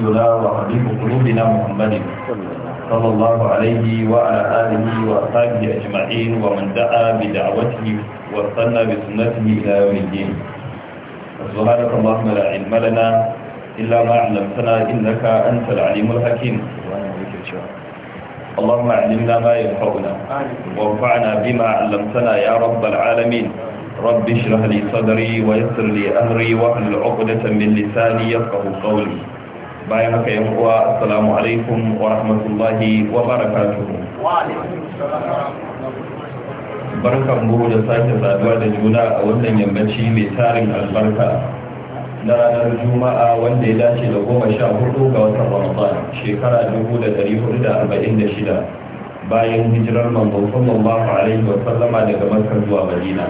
yula wa hadin qulubi na muhammad sallallahu alaihi wa ala alihi wa sahbihi ajma'in wa man da'a bi da'watihi wa sanna bi sunnatihi ila yawm al-din subhanaka allahumma la ilma lana illa ma 'allamtana innaka antal alimul hakim allahumma 'allimna ma yanfa'una wa anfa'na bima 'allamtana ya rabbal alamin rabbi shrah li sadri wa yassir li amri wa ahlul 'uqdatam min lisani yafqahu bayan haka yan kuwa assalamu alaikum wa rahmatullahi wa barakatuh barkan mu da sake saduwa da juna a wannan yammaci mai tarin albarka na ranar juma'a wanda ya dace da goma sha hudu ga watan ramadan shekara dubu da dari hudu da arba'in da shida bayan hijirar manzon sallallahu alaihi wa sallama daga makka zuwa madina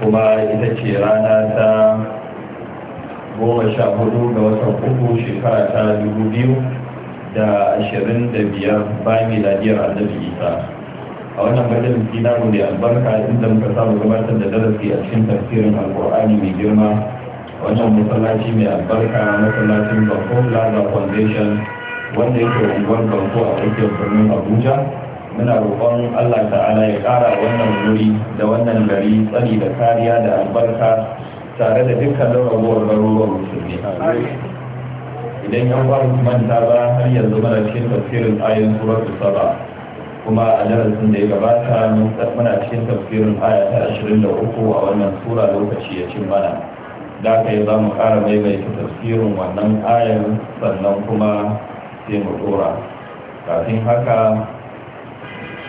kuma ita ce rana ta goma sha hudu ga watan uku shekara ta dubu biyu da ashirin da biyar bayan miladiyar annabi isa a wannan majalisi na mu da albarka inda muka samu gabatar da darasi a cikin tafsirin alkur'ani mai girma wannan masallaci mai albarka masallacin bakon laga foundation wanda yake unguwar banko a tsakiyar birnin abuja muna roƙon allah ta'ala ya ƙara wannan wuri da wannan gari tsari da kariya da albarka tare da dukkanin rarrabuwar garuruwan musulmi idan yan ba su manta ba har yanzu mana cikin tafsirin ayin surar saba kuma a darasin da ya gabata muna cikin tafsirin aya ta ashirin da uku a wannan sura lokaci ya cin mana da aka yi za mu kara maimaita tafsirin wannan ayan sannan kuma sai mu dora kafin haka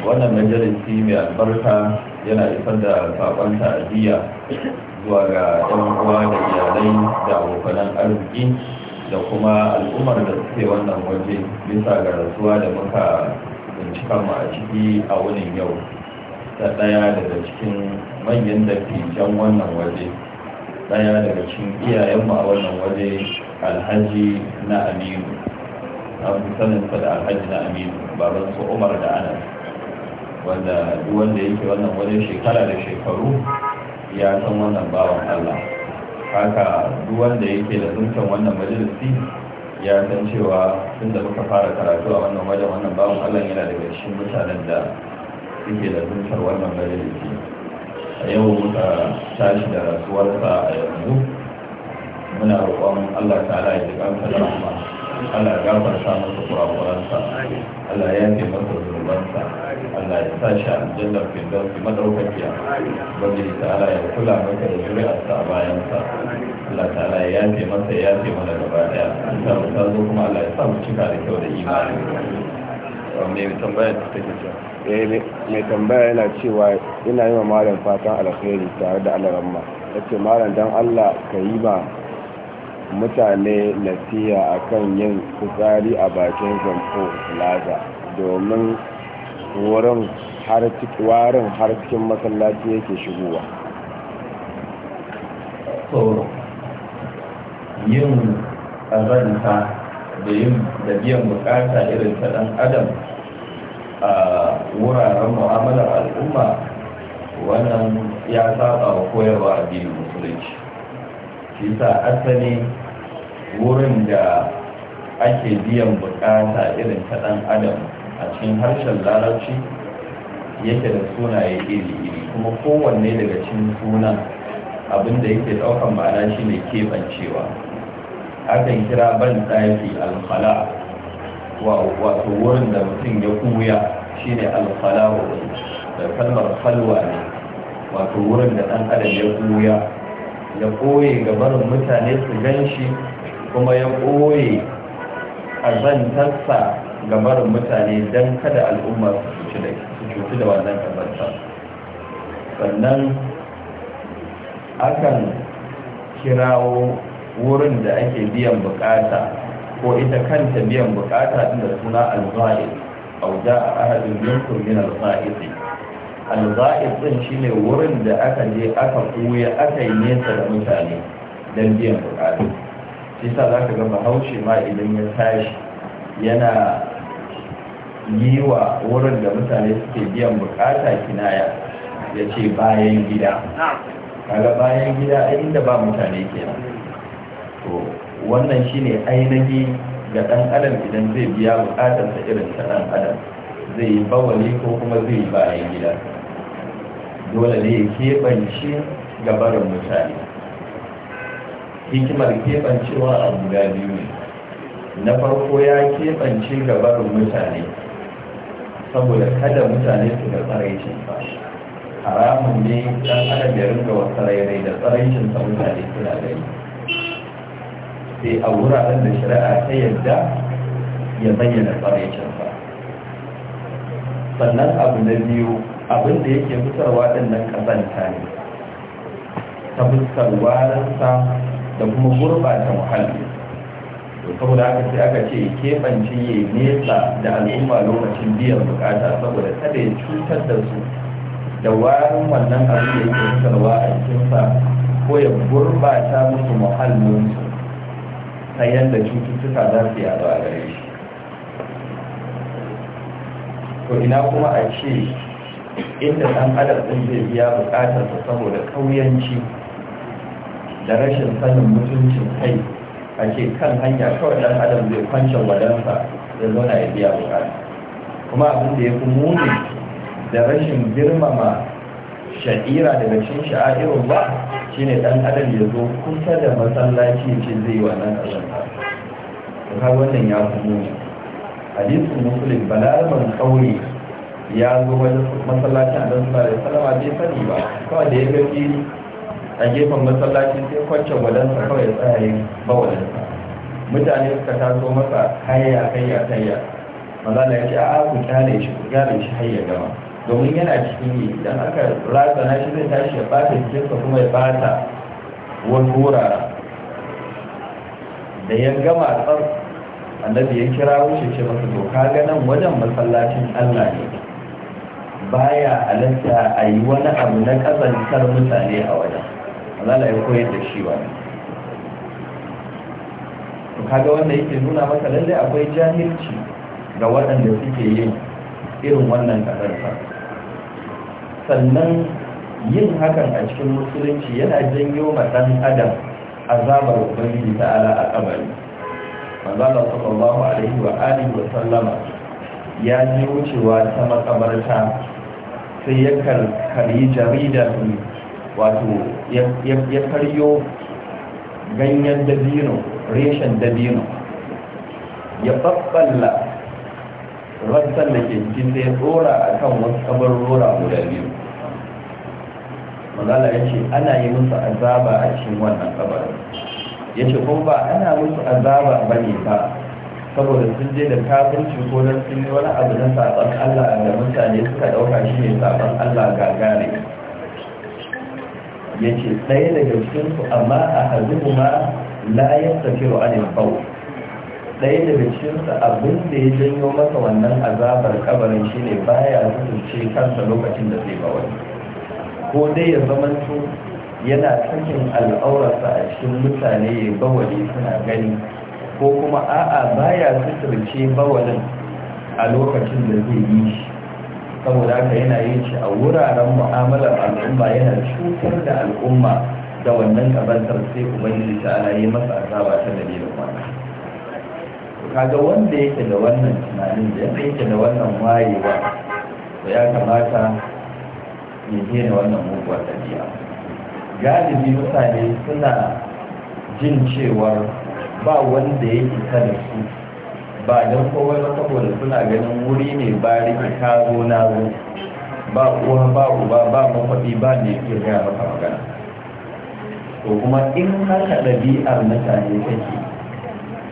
wannan majalisi mai albarka yana isar da sakon ta'aziyya zuwa ga ɗan uwa da iyalai da abokanan arziki da kuma al'ummar da suke wannan waje bisa ga rasuwa da muka bincika mu a ciki a wunin yau ta ɗaya daga cikin manyan da ke wannan waje ɗaya daga cikin iyayenmu a wannan waje alhaji na aminu an fi saninsa da alhaji na aminu baban su umar da anas wanda duk wanda yake wannan waje shekara da shekaru ya san wannan bawan Allah haka duk wanda yake da zuntan wannan majalisi ya san cewa tun da muka fara karatu a wannan wajen wannan bawan Allah yana daga cikin mutanen da suke da zuntar wannan majalisi a yau muka tashi da rasuwarsa a yanzu muna roƙon Allah ta ya ji ƙamsa da rahama Allah ya gafarta masa kurakuransa Allah ya yafe masa zurbansa Allah ya sa shi dauki firdausi madaukakiya wanda ya ala ya kula maka da zuri'arsa a sa Allah ala ya yafe masa ya yafe mana gaba daya ta mu ta zo kuma Allah ya sa mu cika da kyau da imani mai tambaya ta take cewa eh mai tambaya yana cewa ina yi wa malam fatan alkhairi tare da Allah ramma yace malam dan Allah ka yi ba mutane nasiya akan yin fitsari a bakin zamfo plaza domin wurin har cikin warin har masallaci yake shigowa yin azanta da yin da biyan bukata irin ta dan adam a wuraren mu'amalar al'umma wannan ya saba wa koyarwa addinin musulunci shi sa asali wurin da ake biyan bukata irin ta dan adam a cikin harshen larabci yake da sunaye iri-iri kuma kowanne daga cikin sunan abinda yake daukan ma'ana shi ne keɓancewa akan kira ban ɗaki alkhala wato wurin da mutum ya kuya shi ne alkhala da kalmar khalwa ne wato wurin da ɗan adam ya kuya ya ga barin mutane su gan kuma ya ɓoye tassa. Gamar mutane don kada al'umma su cutu da wannan kazanta sannan akan kirawo wurin da ake biyan bukata ko ita kanta biyan bukata din da suna a a wuja a ahadun minkum min al-zahir din shine wurin da aka je aka kuya aka yi nesa da mutane don biyan bukata shi sa za ka ga bahaushe ma idan ya tashi yana yi wa wurin da mutane suke biyan bukata kinaya ya ce bayan gida kaga bayan gida inda ba mutane kenan to wannan shine ainihi ga dan adam idan zai biya bukatar sa irin ta dan adam zai yi bawali ko kuma zai yi bayan gida dole ne ya keɓance ga barin mutane hikimar keɓancewa a guda biyu ne na farko ya keɓance gabarin mutane saboda kada mutane su ga ba haramun ne ɗan adam ya ringa wa tsarairai da sa mutane suna gani sai a wuraren da shari'a ta yadda ya bayyana sa. sannan abu na biyu abin da yake fitarwa din nan ƙazanta ne ta fuskar warinsa da kuma gurɓata muhalli saboda haka sai aka ce keɓance ya nesa da al'umma lokacin biyan bukata saboda kada ya cutar da su da warin wannan abin da yake fitarwa a cikinsa ko ya gurbata musu muhallinsu ta yadda cututtuka za su yaɗu a gare shi to ina kuma a ce inda ɗan adam ɗin zai biya bukatarsa saboda ƙauyanci da rashin sanin mutuncin kai a ce kan hanya kawai dan adam zai kwance wadansa ya zauna ya biya bukata kuma abin da ya fi muni da rashin girmama sha'ira daga cikin sha'irin ba shine dan adam ya zo kusa da masallaci ce zai wannan kazanta ka wannan ya fi muni hadisin musulun Balarman kauri ya zo wajen masallacin annabi sallallahu alaihi salama bai sani ba kawai da ya ga fili a gefen masallaci sai kwance wadansa kawai ya tsaya yi ba wadansa mutane suka taso masa hayya hayya hayya maza da ya ce a ku kyale shi ku gyara shi hayya gama domin yana cikin yi idan aka na shi zai tashi ya bata jikinsa kuma ya bata wani wurara da ya gama tsar annabi ya kira wuce ce masa to ka ga nan wajen masallacin Allah ne baya halatta a yi wani abu na kasantar mutane a wajen manzala ya koyar da shi wani kaga wanda yake nuna masa lalle akwai jahilci ga waɗanda suke yin irin wannan ƙasarsa sannan yin hakan a cikin musulunci yana janyo ma ɗan adam azabar ubangiji ta'ala a kabari manzala sallallahu alaihi wa alihi wa sallama ya ji wucewa ta makabarta sai ya karkari jaridar wato ya karyo ganyen dabino reshen dabino ya babbala rassan da ke cikin da ya tsora a kan wasu kamar rora guda biyu mazala ya ce ana yi musu azaba a cikin wannan kabarin ya ce kuma ba ana musu azaba ba ne ba saboda sun je da kafirci ko don sun yi wani abu na saɓon allah da mutane suka ɗauka shi ne saɓon allah gagare ya ce ɗaya daga cikinsu amma a hazubu ma la ya tafi ra'anin fawo ɗaya daga cikinsa abin da ya janyo masa wannan azabar kabarin shi ne baya zuce kansa lokacin da zai bawai ko dai ya zamanto yana sakin al'aurarsa a cikin mutane ya bawali suna gani ko kuma a'a baya suturce bawalin a lokacin da zai yi shi saboda haka yana yin shi a wuraren mu'amalar al'umma yana cutar da al'umma da wannan kabantar sai ubangiji ta ala yi masa azaba ta dalilin wannan kaga wanda yake da wannan tunanin da yadda yake da wannan wayewa to ya kamata ya daina wannan muguwar tafiya galibi mutane suna jin cewar ba wanda yake da su ba don kowai na saboda suna ganin wuri ne ba rike ka zo na zo ba uwa ba uba ba mafaɗi ba ne ke gaya maka magana to kuma in haka ɗabi'ar mutane take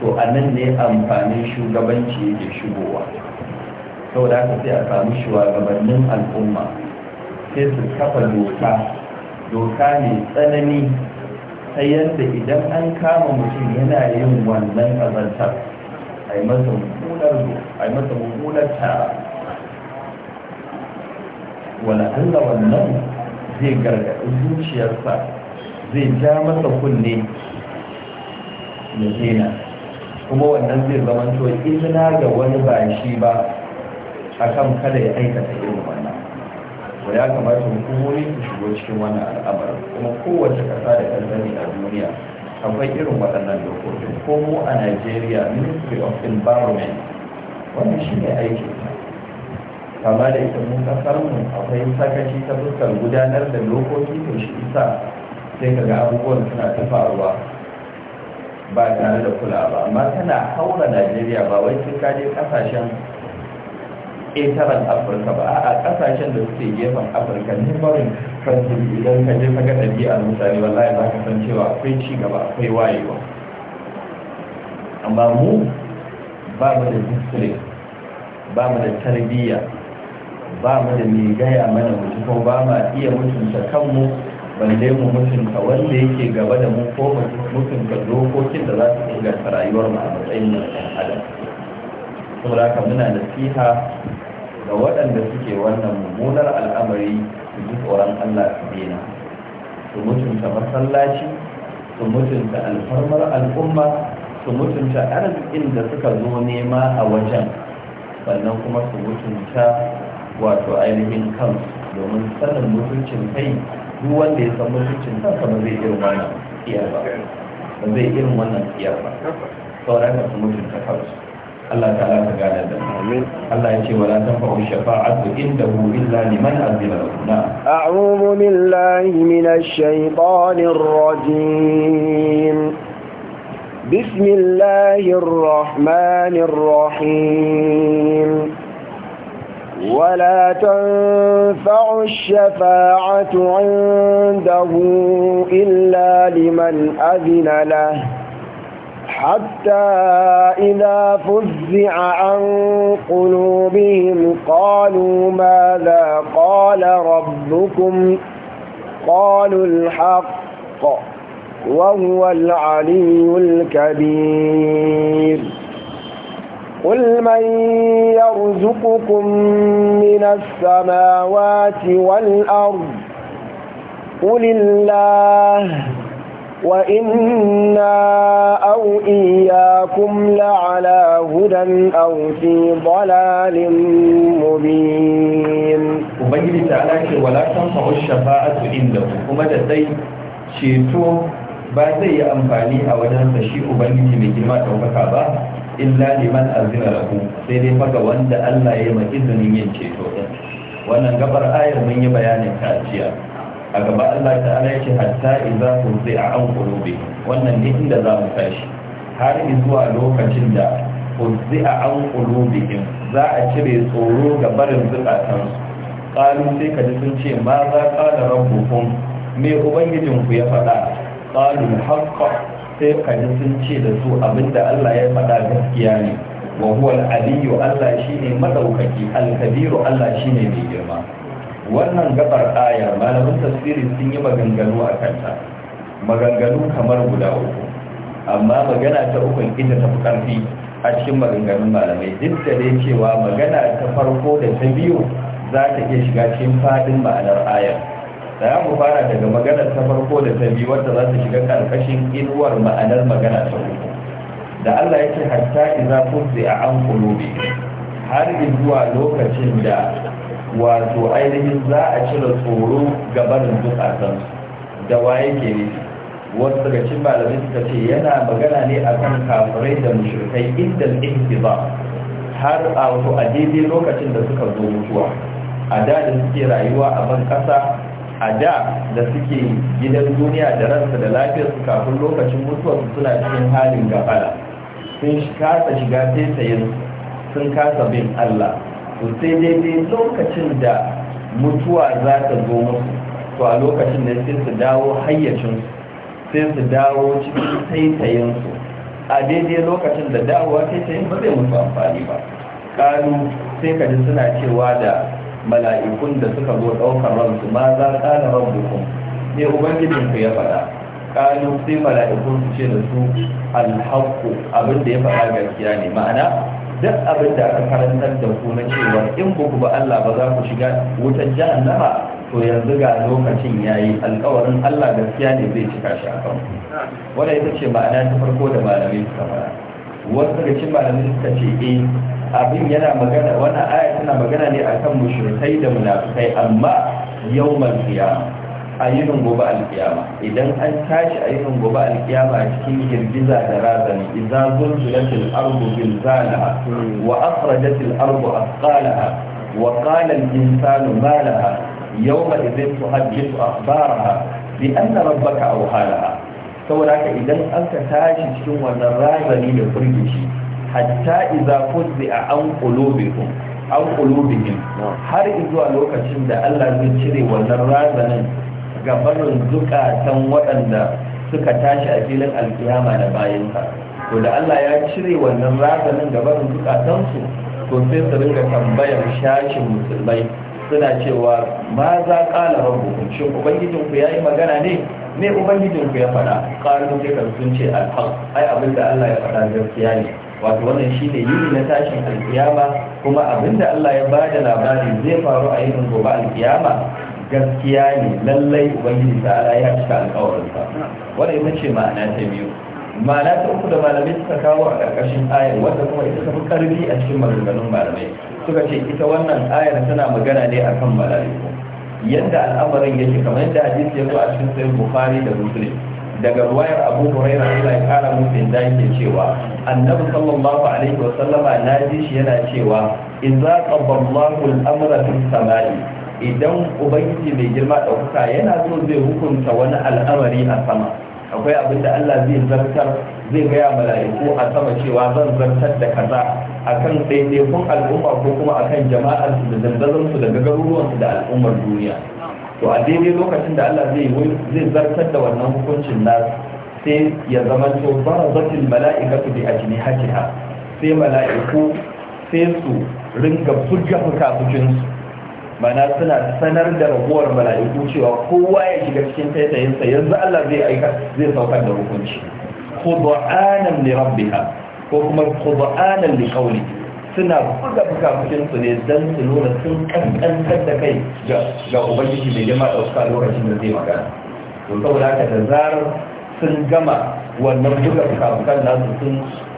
to a nan ne amfanin shugabanci yake shigowa saboda haka sai a samu shugabannin al'umma sai su kafa doka doka mai tsanani ta yadda idan an kama mutum yana yin wannan ƙazantar a yi masa mummunar zo ai mummunar tara wala Allah wannan zai gargaɗi zuciyarsa zai ja masa kunne na daina kuma wannan zai zamanto izina ga wani ba shi ba akan kada ya aikata irin wannan ko ya kamata hukumomi su shigo cikin wannan al'amarin kuma kowace ƙasa da ƙasa ne a duniya akwai irin waɗannan dokokin ko a Najeriya Ministry of Environment wannan shi ne aiki. kama da ita mun kasar mu akwai sakaci ta fuskar gudanar da dokoki to shi isa sai ka ga abubuwan suna ta faruwa ba tare da kula ba amma tana haura Najeriya ba wai sun kaje kasashen ƙetaren afirka ba a ƙasashen da suke gefen afirka ne barin francis idan ka je ka ga a mutane wallahi za ka san cewa akwai ci gaba akwai wayewa amma mu ba mu da discipline ba mu da tarbiyya ba mu da mai gaya mana mutu ko ba ma iya mutunta kanmu balle mu mutunta wanda yake gaba da mu ko mutunta dokokin da za su inganta rayuwar mu a matsayin mu adam saboda haka muna nasiha ga waɗanda suke wannan mummunar al'amari su ji tsoron Allah su dena su mutunta masallaci su mutunta alfarmar al'umma su mutunta arzikin da suka zo nema a wajen sannan kuma su mutunta wato ainihin kansu domin sanin mutuncin kai duk wanda ya san mutuncin kansa ba zai irin wannan tsiyar ba ba zai irin wannan tsiyar ba su mutunta kansu Allah ta'ala ka gane da amin Allah ya ce wala tanfa'u shafa'atu indahu illa liman azina rabbuna a'udhu billahi minash shaitanir rajim بسم الله الرحمن الرحيم ولا تنفع الشفاعة عنده إلا لمن أذن له حتى إذا فزع عن قلوبهم قالوا ماذا قال ربكم قالوا الحق وهو العلي الكبير قل من يرزقكم من السماوات والأرض قل الله وإنا أو إياكم لعلى هدى أو في ضلال مبين وبجد تعالى ولا da الشفاعة عنده وما تدعي شيتو ba zai yi amfani a wajensa shi ubangiji mai girma ɗaukaka ba illa liman azina lahu sai dai faga wanda Allah ya yi izinin yin ceto din wannan gabar ayar mun yi bayanin kaciya a gaba Allah ta'ala ya ce hatta idza tuzi a an qulubi wannan ne inda za mu tashi har zuwa lokacin da tuzi a an qulubihim za a cire tsoro ga barin zukatan qalu sai kaji sun ce ma za qala rabbukum me ubangijin ku ya faɗa qalu haqqa sai kaji sun ce da su abinda Allah ya faɗa gaskiya ne wa huwa al-aliyyu Allah shine madaukaki al-kabiru Allah shine mai girma wannan gabar aya malamin tafsiri sun yi maganganu a kanta maganganu kamar guda uku amma magana ta ukun ita tafi karfi a cikin maganganun malamai duk da dai cewa magana ta farko da ta biyu za ta iya shiga cikin fadin ma'anar aya, da mu fara daga magana ta farko da ta biyu wadda za ta shiga karkashin inuwar ma'anar magana ta uku da Allah yake hatta idza a an qulubi har zuwa lokacin da wato ainihin za a cire tsoro ga barin zukatansu da waye ke ne? wasu daga cin malamai suka ce yana magana ne a kan kafirai da mashirkai inda ihtiba har a wato a daidai lokacin da suka zo mutuwa a da da suke rayuwa a ban ƙasa, a da da suke gidan duniya da ransa da lafiyar su kafin lokacin mutuwar su suna cikin halin gafala sun kasa shiga sai sayin sun kasa bin Allah to sai daidai lokacin da mutuwa za ta zo musu to a lokacin da sai su dawo hayyacinsu sai su dawo cikin taitayensu a daidai lokacin da dawowa taitayin ba zai musu amfani ba kanu sai ka ji suna cewa da mala'ikun da suka zo ɗaukar ransu ma za ƙala ran bukun ne ubangijinku ya faɗa kalu sai mala'ikun su ce da su alhaku abin da ya faɗa gaskiya ne ma'ana duk abin da aka karantar da ku na cewa in ku ba Allah ba za ku shiga wutar jahannama to yanzu ga lokacin yayi alkawarin Allah gaskiya ne zai cika shi a kan wanda ita ce ma'ana ta farko da malamai suka fara wasu daga cikin malamai suka ce eh abin yana magana wannan aya tana magana ne akan mushrikai da munafikai amma yawmal qiyamah a gobe alkiyama idan an tashi a yinin gobe alkiyama a cikin girgiza da razani idza zulzilatil ardu zilzalaha wa akhrajatil ardu athqalaha wa qala al insanu ma laha yawma idhin tuhaddithu akhbaraha bi anna rabbaka awhalaha saboda haka idan aka tashi cikin wannan razani da firgici hatta idza fuzza an qulubikum an kulubihim har zuwa lokacin da Allah zai cire wannan razanin ga barin zukatan waɗanda suka tashi a filin alkiyama da bayansa to da Allah ya cire wannan razanin ga barin zukatansu to sai su ringa tambayar shashin musulmai suna cewa ma za ƙala rabu shin ubangijinku ya yi magana ne ne ubangijinku ya faɗa ƙarin jikan sun ce alhaq ai abin da Allah ya faɗa gaskiya ne wato wannan shi ne yini na tashin alkiyama kuma abin da Allah ya ba da labari zai faru a yinin gobe alkiyama gaskiya ne lallai ubangiji ta'ala ya cika alƙawarinsa wanda ita ce ma'ana ta biyu ma'ana ta uku da malamai suka kawo a ƙarƙashin ayar wadda kuma ita tafi ƙarfi a cikin maganganun malamai suka ce ita wannan ayar tana magana ne a kan mala'iku yadda al'amarin yake kamar yadda hadisi ya zo a cikin sahih bukhari da muslim daga ruwayar abu hurairah Allah ya kara musu inda yake cewa annabi sallallahu alaihi wa sallama na ji shi yana cewa idza qadallahu al-amra fis samai idan ubangiji mai girma ɗaukaka yana so zai hukunta wani al'amari a sama akwai abin da Allah zai zartar zai gaya mala'iku a sama cewa zan zartar da kaza akan ɗaiɗaikun al'umma ko kuma akan jama'ar su da dandazon su daga garuruwan su da al'ummar duniya to a daidai lokacin da Allah zai zai zartar da wannan hukuncin nasu sai ya zama to barazatil mala'ikatu bi ajnihatiha sai mala'iku sai su ringa fujja fukafukin su mana suna sanar da raguwar mala'iku cewa kowa ya shiga cikin taitayinsa yanzu Allah zai aika zai saukar da hukunci khud'anan li rabbiha ko kuma khud'anan li qawli suna buga cikin su ne dan su nuna sun kankantar da kai ga ga ubangiji mai jama'a dauka lokacin da zai magana to saboda haka da zarar sun gama wannan buga bukafukan nasu sun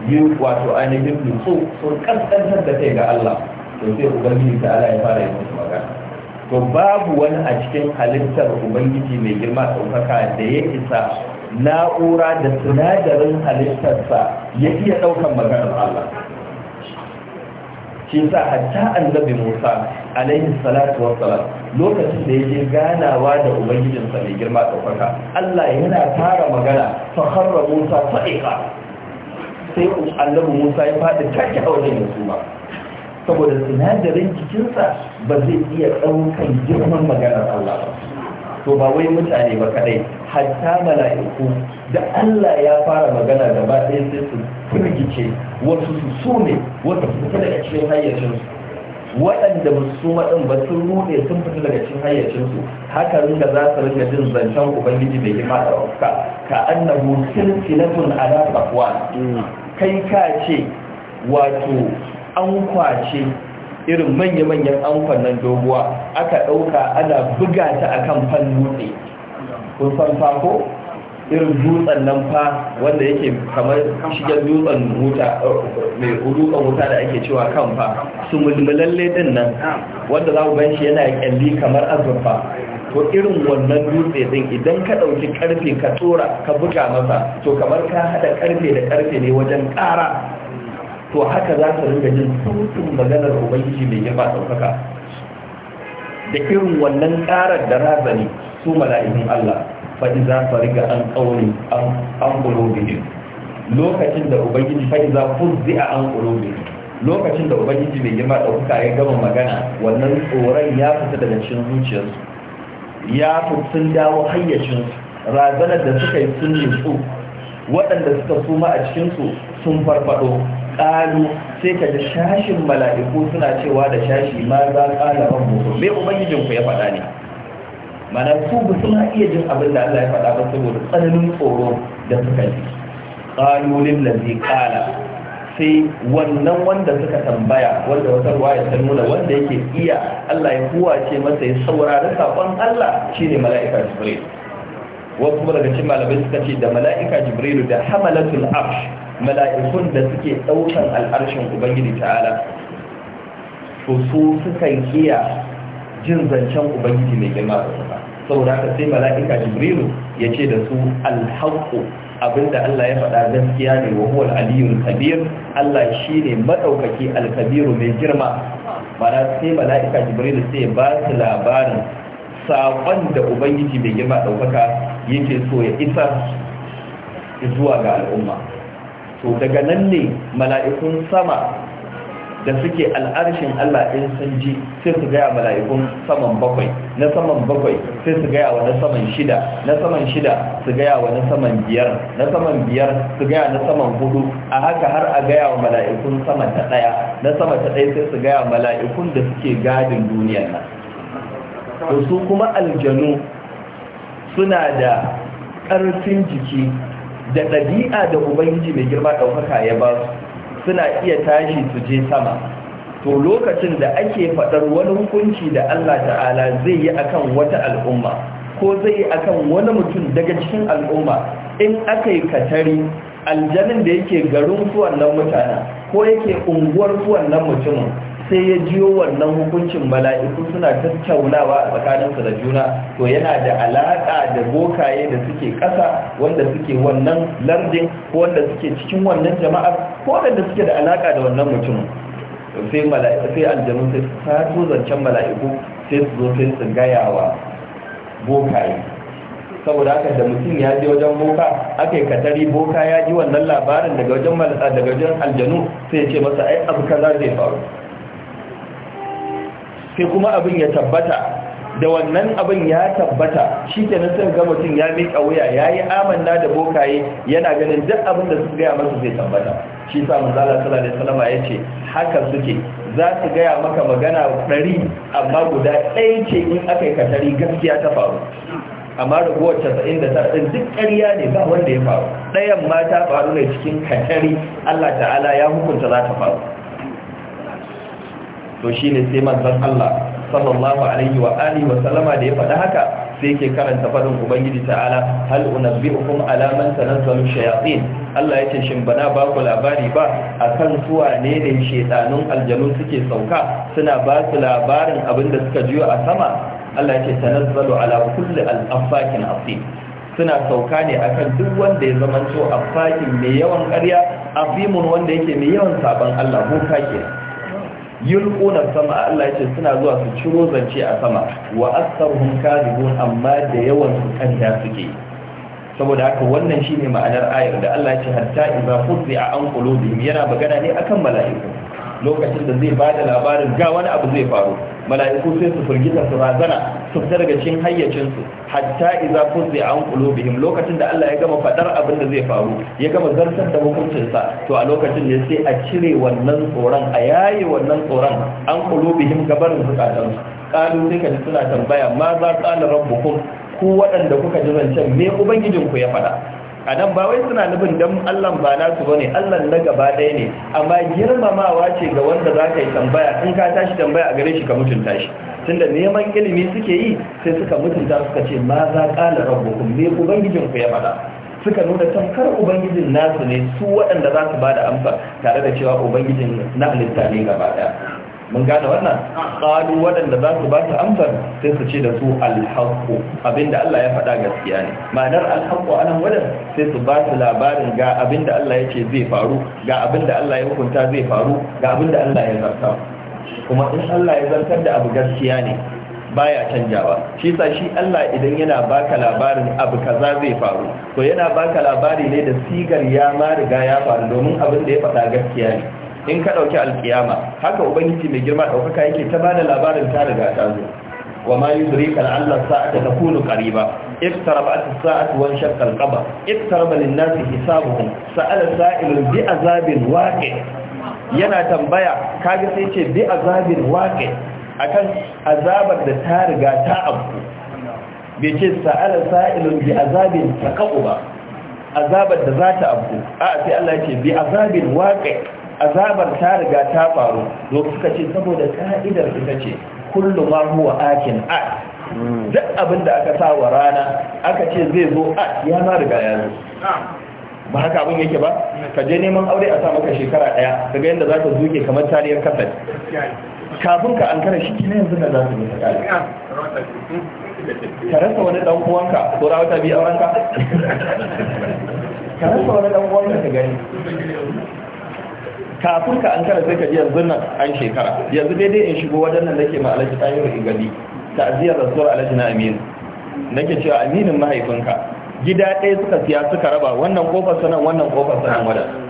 yi wato ainihin su sun kankantar da kai ga Allah to sai ubangiji ta ala ya fara yi musu magana to babu wani a cikin halittar ubangiji mai girma ɗaukaka da ya isa na'ura da sinadarin halittarsa ya iya ɗaukan maganar Allah shi sa hatta annabi Musa alaihi salatu salam lokacin da yake ganawa da ubangijinsa mai girma ɗaukaka Allah yana fara magana fa harra Musa fa'iqa sai annabi Musa ya faɗi take aure da su saboda sinadarin jikinsa ba zai iya ɗaukan girman maganar Allah ba to ba wai mutane ba kadai hatta mala'iku da Allah ya fara magana da ba ɗaya sai su firgice wasu su ne wasu su fita daga cikin hayyacinsu waɗanda ba su maɗin ba sun rude sun fita daga cikin hayyacinsu haka ringa za su ringa jin zancen ubangiji mai girma da ka ka annahu silsilatun ala safwan mm. kai ka ce wato an kwace irin manya-manyan amfan nan doguwa aka ɗauka ana buga ta kan fan dutse kun san fako irin dutsen nan fa wanda yake kamar shigar dutsen wuta mai dutsen wuta da ake cewa kan fa su mulmulalle din nan wanda za ku gan shi yana kyalli kamar azurfa to irin wannan dutse din idan ka ɗauki karfe ka tsora ka buga masa to kamar ka haɗa karfe da karfe ne wajen ƙara to haka za ka rinka jin sautin maganar ubangiji mai yaba ɗaukaka da irin wannan ƙarar da razani su mala'ikun Allah faɗi za su riga an ƙauni an ƙulobihim lokacin da ubangiji faɗi za fuzzi a an ƙulobihim lokacin da ubangiji mai yaba ɗaukaka ya gama magana wannan tsoron ya fita daga cikin zuciyarsu ya sun dawo hayyacinsu razanar da suka yi sun nutsu waɗanda suka suma a cikinsu sun farfaɗo ƙalu sai ka da shashin mala'iku suna cewa da shashi ma za ƙala mai me ku ya faɗa ne mana su ba suna iya jin abin da Allah ya faɗa ba saboda tsananin tsoro da suka ji ƙalolin da zai ƙala sai wannan wanda suka tambaya wanda wata ya ta nuna wanda yake iya Allah ya ce masa ya saurari saƙon Allah shine mala'ika Jibril wasu daga cikin malamai suka ce da mala'ika Jibrilu da hamalatul arsh mala'ikun da suke ɗaukan al'arshin ubangiji ta'ala to su sukan iya jin zancen ubangiji mai girma da saboda haka sai mala'ika jibrilu ya ce da su alhaƙo abinda Allah ya faɗa gaskiya ne wa huwal aliyul kabir Allah shine maɗaukaki alkabiru mai girma mana sai mala'ika jibrilu sai ba su labarin saƙon da ubangiji mai girma ɗaukaka yake so ya isa zuwa ga al'umma to daga nan ne mala'ikun sama da suke al'arshin Allah in sun ji sai su gaya mala'ikun saman bakwai na saman bakwai sai su gaya wa na saman shida na saman shida su gaya wa na saman biyar na saman biyar su gaya na saman hudu a haka har a gaya wa mala'ikun sama ta ɗaya na sama ta ɗaya sai su gaya mala'ikun da suke gadin duniyar nan su kuma aljanu suna da ƙarfin jiki da ɗabi'a da ubangiji mai girma ɗaukaka ya ba su suna iya tashi su je sama to lokacin da ake faɗar wani hukunci da Allah ta'ala zai yi akan wata al'umma ko zai yi akan wani mutum daga cikin al'umma in aka yi katari aljanin da yake garin su wannan mutanen ko yake unguwar su wannan mutumin sai ya jiyo wannan hukuncin mala'iku suna tattaunawa a tsakaninsu da juna to yana da alaƙa da bokaye da suke ƙasa wanda suke wannan lardin ko wanda suke cikin wannan jama'ar ko wanda suke da alaƙa da wannan mutum. sai mala'iku sai aljanu sai fato zancen mala'iku sai su zo sai su gaya wa bokaye saboda haka da mutum ya je wajen boka aka yi katari boka ya ji wannan labarin daga wajen daga wajen aljanu sai ya ce masa ai abu kaza zai faru sai kuma abin ya tabbata da wannan abin ya tabbata shi ke nan sai ga mutum ya miƙa wuya ya yi amanna da bokaye yana ganin duk abin da su gaya masa zai tabbata shi sa manzala sallallahu alaihi wasallam ya ce haka suke za su gaya maka magana ɗari amma guda ɗaya ce in aka yi katari gaskiya ta faru amma raguwar da ɗin duk ƙarya ne ba wanda ya faru ɗayan ma faru ne cikin katari Allah ta'ala ya hukunta za ta faru to ne sai manzan Allah sallallahu alaihi wa alihi wa sallama da ya faɗi haka sai ke karanta faɗin ubangiji ta'ala hal unabbi'ukum ala man tanazzalu shayatin Allah ya ce shin bana ba ku labari ba akan suwa ne da shedanun aljanu suke sauka suna ba su labarin abin da suka jiyo a sama Allah yace tanazzalu ala kulli al-affakin asim suna sauka ne akan duk wanda ya zamanto affakin mai yawan ƙarya azimun wanda yake mai yawan saban Allah ko kenan yulquna sama Allah yace suna zuwa su ciro zance a sama wa aktharuhum kadhibun amma da yawan su suke saboda haka wannan shine ma'anar ayar da Allah yace hatta idza fuzza an qulubihim yana magana ne akan mala'iku lokacin da zai bada labarin ga wani abu zai faru mala'iku sai su firgita su razana su fita daga cikin hayyacinsu hatta idza fuzzi an bihim lokacin da Allah ya gama fadar abin da zai faru ya gama zartar da hukuncinsa to a lokacin ne sai a cire wannan tsoron a yaye wannan tsoron an qulubihim gabarin zukatansu kalu sai ka suna tambaya ma za qala rabbukum ku waɗanda kuka ji zancen me ubangijinku ya faɗa a nan ba suna nufin don Allah ba nasu bane Allah na gaba ɗaya ne amma girmamawa ce ga wanda za ka yi tambaya in ka tashi tambaya a gare shi ka mutunta shi tunda neman ilimi suke yi sai suka mutunta suka ce ma za ƙala rabbukum ne ubangijin ku ya faɗa suka nuna tamkar ubangijin nasu ne su waɗanda za su ba da amsa tare da cewa ubangijin na halitta ne gaba ɗaya mun gane wannan ah. qalu wadanda za su ba su amsar sai su ce da su al-haqqu abinda Allah ya faɗa gaskiya ne ma'anar al-haqqu anan wadan sai su ba su labarin ga abinda Allah ya zai faru ga abinda Allah ya hukunta zai faru ga abinda Allah ya zarta kuma in Allah ya zartar da abu gaskiya ne baya canjawa shi sa shi Allah idan yana baka labarin abu kaza zai faru to yana baka labari ne da sigar ya ma riga ya faru domin abin da ya faɗa gaskiya ne in ka dauki alkiyama haka ubangiji mai girma daukaka yake ta bada labarin ta riga ta zo wa ma yudrika la'alla sa'ata takunu qariba iqtarabat as-sa'atu wa shaqqa al-qamar iqtaraba lin-nasi hisabuhum sa'ala sa'ilun bi azabin waqi' yana tambaya kaga sai ce bi azabin waqi' akan azabar da ta riga ta abu bai ce sa'ala sa'ilun bi azabin taqaw ba azabar da za ta abu a sai Allah ya ce bi azabin waqi' azabar ta riga ta faru domin suka ce saboda ka'idar ita ce kullu ma huwa akin a duk abin da aka sa wa rana aka ce zai zo a ya ma riga ya zo ba haka abin yake ba ka je neman aure a sa maka shekara daya daga yadda za ka zuke kamar tariyar kasar kafin ka an kare shi kina yanzu da za su yi ta ka rasa wani dan uwanka ko rawata biya wanka? ka rasa wani dan uwanka ka gani kafin ka an kara sai ka ji yanzu an shekara yanzu daidai in shigo waɗannan nake ma alhaji tahiru igali ta'aziyar rasuwar alhaji na aminu nake cewa aminin mahaifinka gida ɗaya suka siya suka raba wannan kofar sanan wannan kofar sanan wadannan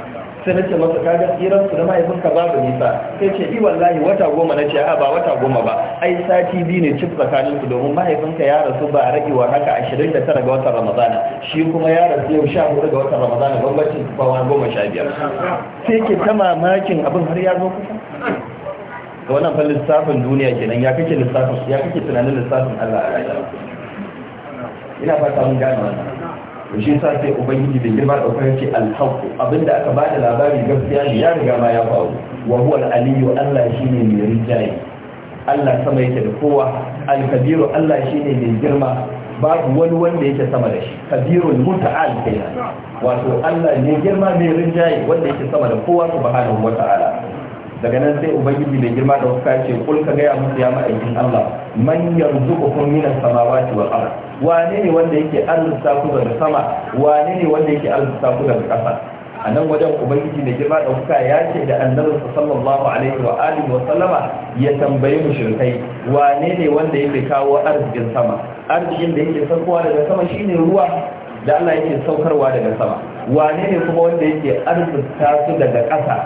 sai nace masa kaga tsiran su da mahaifinka babu nisa sai ce i wallahi wata goma na ce a ba wata goma ba ai sati biyu ne cif tsakanin su domin mahaifinka ya rasu ba rage wa haka 29 ga watan ramadana shi kuma ya rasu yau 14 ga watan ramadana bambancin wani goma sha biyar sai ke ta mamakin abin har ya zo kusa ga wannan fa lissafin duniya kenan ya kake lissafin ya kake tunanin lissafin Allah a rayuwa ina fata mun gane wannan to shi sa sai ubangiji da girma da kuma ce al abinda aka ba da labari gaskiya ne ya riga ma ya faru wa huwa al-aliyyu Allah shine mai rinjaye Allah sama yake da kowa al-kabiru Allah shine mai girma babu wani wanda yake sama da shi kabirul muta'al kenan wato Allah ne girma mai rinjaye wanda yake sama da kowa subhanahu wata'ala daga nan sai ubangiji mai girma da kuka ce kul ka gaya musu ya ma'aikin Allah man yarzuqukum minas samawati wal ardh wane ne wanda yake arzuta ku daga sama wane ne wanda yake arzuta ku daga ƙasa a nan wajen ubangiji da girma kuka ya ce da annabinsa sallallahu alaihi wa alihi wa sallama ya tambayi mushrikai wane ne wanda yake kawo arzikin sama arzikin da yake saukowa daga sama shine ruwa da Allah yake saukarwa daga sama wane ne kuma wanda yake arzuta su daga ƙasa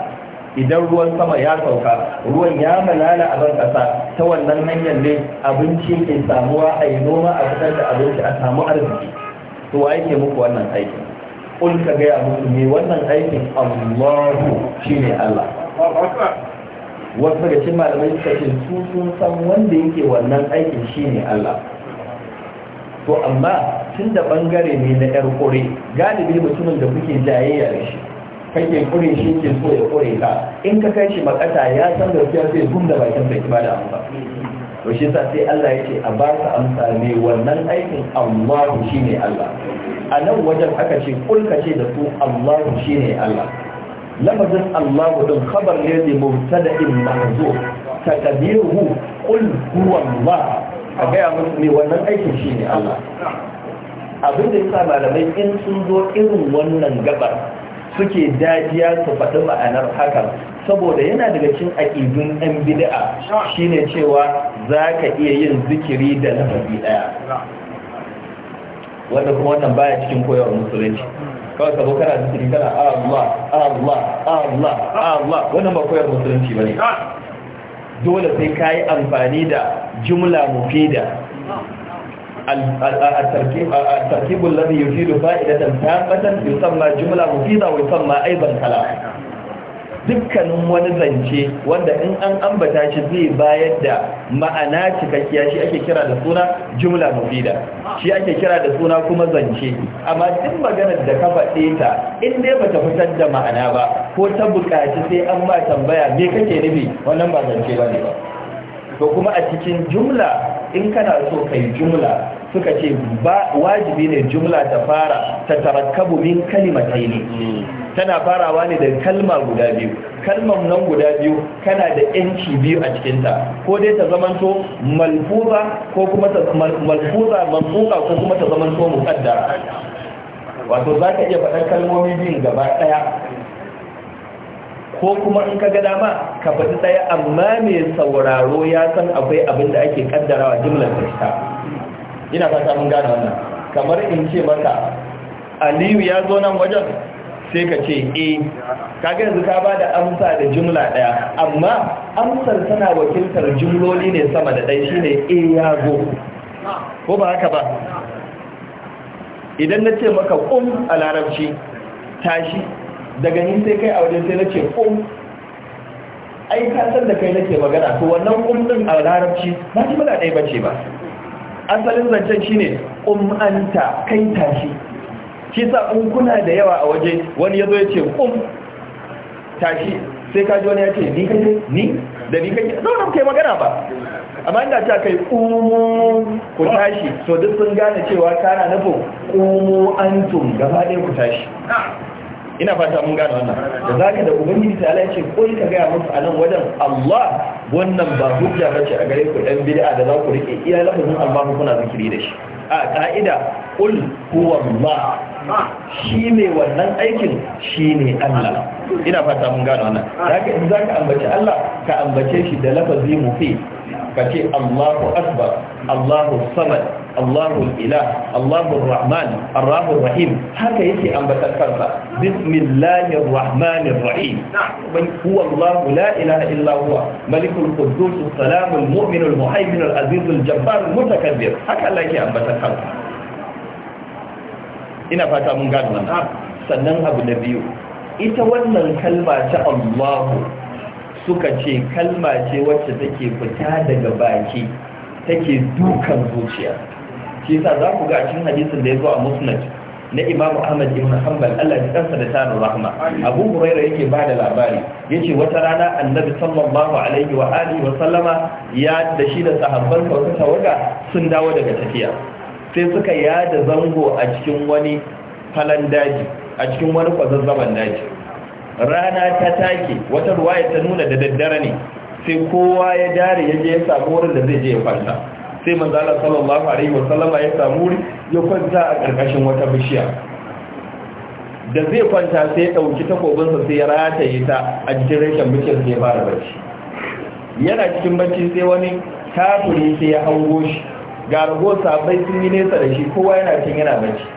idan ruwan sama ya sauka ruwan ya malala a ban ƙasa ta wannan hanyar ne abinci ke samuwa a yi noma a fitar da abinci a samu arziki to wa yake muku wannan aikin kul ka gaya muku ne wannan aikin allahu shine allah wasu daga cikin malamai suka ce su sun san wanda yake wannan aikin shine allah to amma tun da bangare ne na yar kore galibi mutumin da kuke jayayya da shi kake kure shi ke so ya kure ka in ka kai shi makata ya san gaskiya zai gum da bakin sa ba da amsa to shi yasa sai Allah ya ce a ba ka amsa ne wannan aikin shi ne Allah a nan wajen aka ce kulka ce da su shi ne Allah lafazin Allahu din khabar ne da mubtada'in mahzuf taqdiruhu qul huwa Allah ka gaya musu ne wannan aikin shi ne Allah abin da yasa malamai in sun zo irin wannan gabar suke dajiya su faɗi ma'anar hakan saboda yana daga cin aƙidun ɗan bid'a shine cewa za ka iya yin zikiri da lafafi ɗaya wanda kuma wannan baya cikin koyar musulunci kawai sabo kana zikiri kana Allah Allah Allah Allah wannan ba koyar musulunci ba ne. dole sai ka yi amfani da jumla mufida التركيب الذي يفيد فائدة تامة يسمى جملة مفيدة ويسمى أيضا كلام dukkanin wani zance wanda in an ambata shi zai bayar da ma'ana cikakkiya shi ake kira da suna jumla mufida shi ake kira da suna kuma zance amma duk maganar da ka faɗe ta in dai bata fitar da ma'ana ba ko ta buƙaci sai an ba tambaya me kake nufi wannan ba zance bane ba to kuma a cikin jumla in kana so kai jumla suka ce wajibi ne jumla ta fara ta tarakkabu min kalimatai ne tana farawa ne da kalma guda biyu kalmar nan guda biyu kana da yanci biyu a cikinta ko dai ta zamanto malfuza ko kuma ta malfuza malfuza ko kuma ta zamanto muqaddara wato zaka iya faɗan kalmomi biyu gaba ɗaya ko kuma in ka ga dama ka faɗi ɗaya amma mai sauraro ya san akwai abin da ake kaddarawa jimlar fita. ina fata mun gane wannan kamar in ce maka aliyu ya zo nan wajen sai ka ce e eh, kaga yanzu ka bada amsa da jumla daya amma amsar tana wakiltar jumloli ne sama da dai shine e eh, ya zo ko ba haka ba idan na ce maka ƙun a larabci tashi daga ni sai kai a waje sai na ce kum ai ka san da kai nake magana to wannan kum din a larabci ba ji mana dai bace ba asalin zancen shine um anta kai tashi shi sa in kuna da yawa a waje wani yazo ya ce kum tashi sai ka ji wani ya ce ni kai ni da ni kai nan kai magana ba amma inda ta kai umu ku tashi so duk sun gane cewa kana nufin umu antum gaba ɗaya ku tashi ina fata mun gane wannan da zaka da ubangiji ta Allah ya ce ko ka ga musu a nan wajen Allah wannan ba hujja bace a gare ku dan bid'a da za ku rike iya lafazin Allah kuna zikiri da shi a ka'ida qul huwa Allah shi ne wannan aikin shi ne Allah ina fata mun gane wannan zaka in zaka ambace Allah ka ambace shi da lafazi mufid ka ce Allahu Akbar Allahu Samad Allahu Ilah Allahu Rahman Allahu Rahim haka yake ambatar kansa Bismillahir Rahmanir Rahim man huwa Allahu la ilaha illa huwa Malikul Quddus Salamul Mu'minul Muhaiminul Azizul Jabbarul Mutakabbir haka Allah yake ambatar kansa ina fata mun gano wannan sannan abu na biyu ita wannan kalma ta Allahu suka ce kalma ce wacce take fita daga baki take dukan zuciya shi yasa za ku ga cikin hadisin da ya zo a musnad na Imam ahmad ibn hanbal Allah ya kansa da tarin rahma abu hurairah yake ba da labari ce wata rana annabi sallallahu alaihi wa alihi wa sallama ya da shi da sahabban sa wata tawaga sun dawo daga tafiya sai suka yada zango a cikin wani falan daji a cikin wani kwazazzaban daji rana ta take wata ruwa ta nuna da daddare ne sai kowa ya dare ya je ya samu wurin da zai je ya kwanta sai manzo Allah sallallahu alaihi wasallama ya samu wuri ya kwanta a karkashin wata bishiya da zai kwanta sai ya ɗauki takobinsa sai ya rataye ta a jikin rashin bikin sai ya fara barci yana cikin barci sai wani kafiri sai ya hango shi ga rago sabai sun yi nesa da shi kowa yana cin yana barci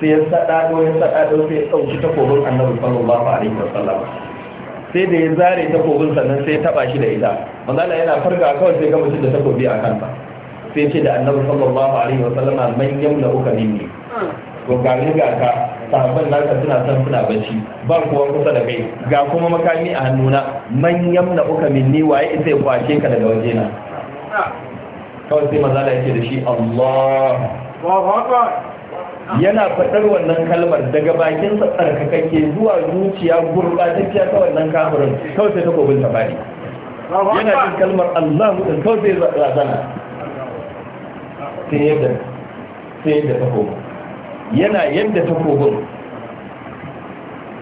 sai ya sadado ya sadado sai ya dauki takobin annabi sallallahu alaihi wasallam sai da ya zare takobin sannan sai ya taba shi da ita manzala yana farka kawai sai ga mutum da takobi a kansa sai ce da annabi sallallahu alaihi wasallam man yamla uka minni to ga ga ka sahabban ka suna san suna bacci ba kuwa kusa da kai ga kuma makami a hannuna man yamna uka minni waye sai kwace ka daga waje na kawai sai manzala yake da shi Allah Allahu Akbar yana faɗar wannan kalmar daga bakinsa ke zuwa zuciya gurɓatacciya ta wannan kafirin kawai sai takobin ta bari yana jin kalmar Allah mutum kawai sai zana sai yadda sai yadda kogin yana yadda takobin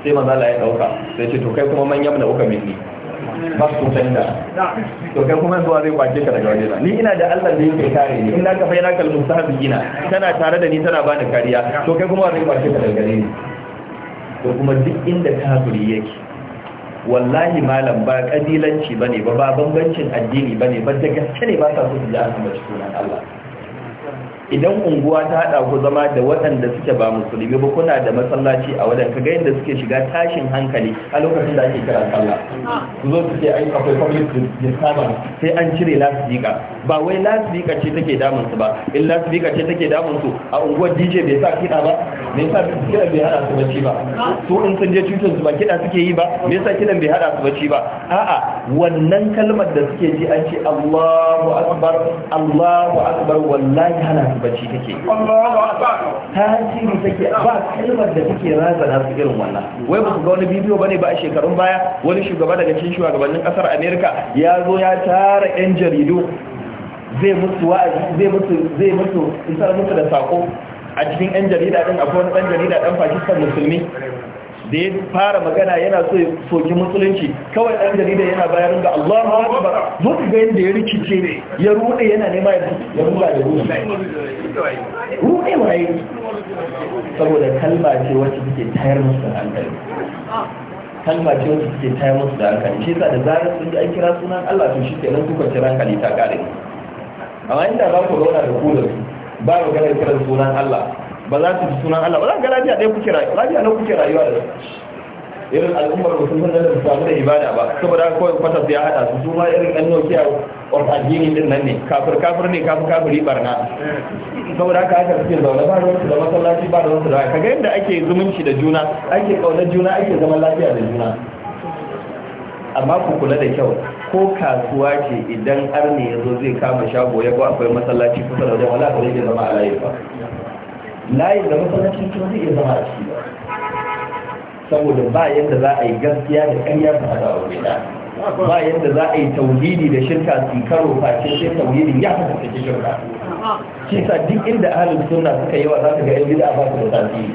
sai mazala ya ɗauka sai ce to kai kuma man yamna uka minni ba su da to kai kuma zuwa zai kwace ka daga wajena ni ina da Allah da yake kare ni in na kafa yana kalmu sahabi gina tana tare da ni tana bani kariya to kai kuma zai kwace ka daga gare ni to kuma duk inda kafiri yake wallahi malam ba kabilanci bane ba ba bambancin addini bane ba da gaske ne ba sa su ji an ambaci sunan Allah idan unguwa ta haɗa ku zama da waɗanda suke ba musulmi ba kuna da masallaci a wadan kaga yadda suke shiga tashin hankali a lokacin da ake kira sallah ku zo su ce ai akwai public disturbance sai an cire lasbika ba wai lasbika ce take damun su ba in lasbika ce take damun su a unguwar DJ bai sa kiɗa ba me yasa kiɗa bai haɗa su bacci ba su in sun je cutar su ba kiɗa suke yi ba me yasa kiɗan bai haɗa su bacci ba a'a wannan kalmar da suke ji an ce Allahu akbar Allahu akbar wallahi hana bacci take tasiri take ba kalmar da take razana su irin wannan wai ba su ga wani bidiyo bane ba a shekarun baya wani shugaba daga cikin shugabannin kasar america ya zo ya tara yan jaridu zai mutu zai musu isar mutu da sako a cikin yan jarida ɗin akwai wani dan jarida dan Pakistan musulmi da ya fara magana yana so ya soki musulunci kawai ɗan jarida yana bayar ga Allah Akbar zo ku ga yadda ya rikice ne ya rude yana nema ya ruba da ruga rude waye saboda kalma ce wacce take tayar musu da hankali kalma ce wacce take tayar musu da hankali shi yasa da zarar sun ji an kira sunan Allah to shi kenan kuka kira hankali ta kare amma inda ba ku zauna da ku da su ba magana kiran sunan Allah ba za su ji sunan Allah ba za ga lafiya ɗaya kuke rayuwa lafiya na kuke rayuwa da irin al'ummar ba sun sanar da samu da ibada ba saboda haka kawai kwatas ya haɗa su su ma irin ɗan nokiya of addini din nan ne kafir kafir ne kafir kafiri barna saboda haka haka suke zaune ba da da masallaci ba da wasu da kaga yadda ake zumunci da juna ake ƙaunar juna ake zaman lafiya da juna amma ku kula da kyau ko kasuwa ce idan arne ya zo zai kama shago ya ko akwai masallaci kusa da wajen wala ba zai zama a layi ba layin da masallacin kuma zai iya zama a ciki ba saboda ba yadda za a yi gaskiya da ƙarya ta hada wa da ba yadda za a yi tauhidi da shirka su karo face sai tauhidin ya fata cikin shirka shi sa duk inda ahalin suna suka yi wa za su ga yan bid'a ba su da tasiri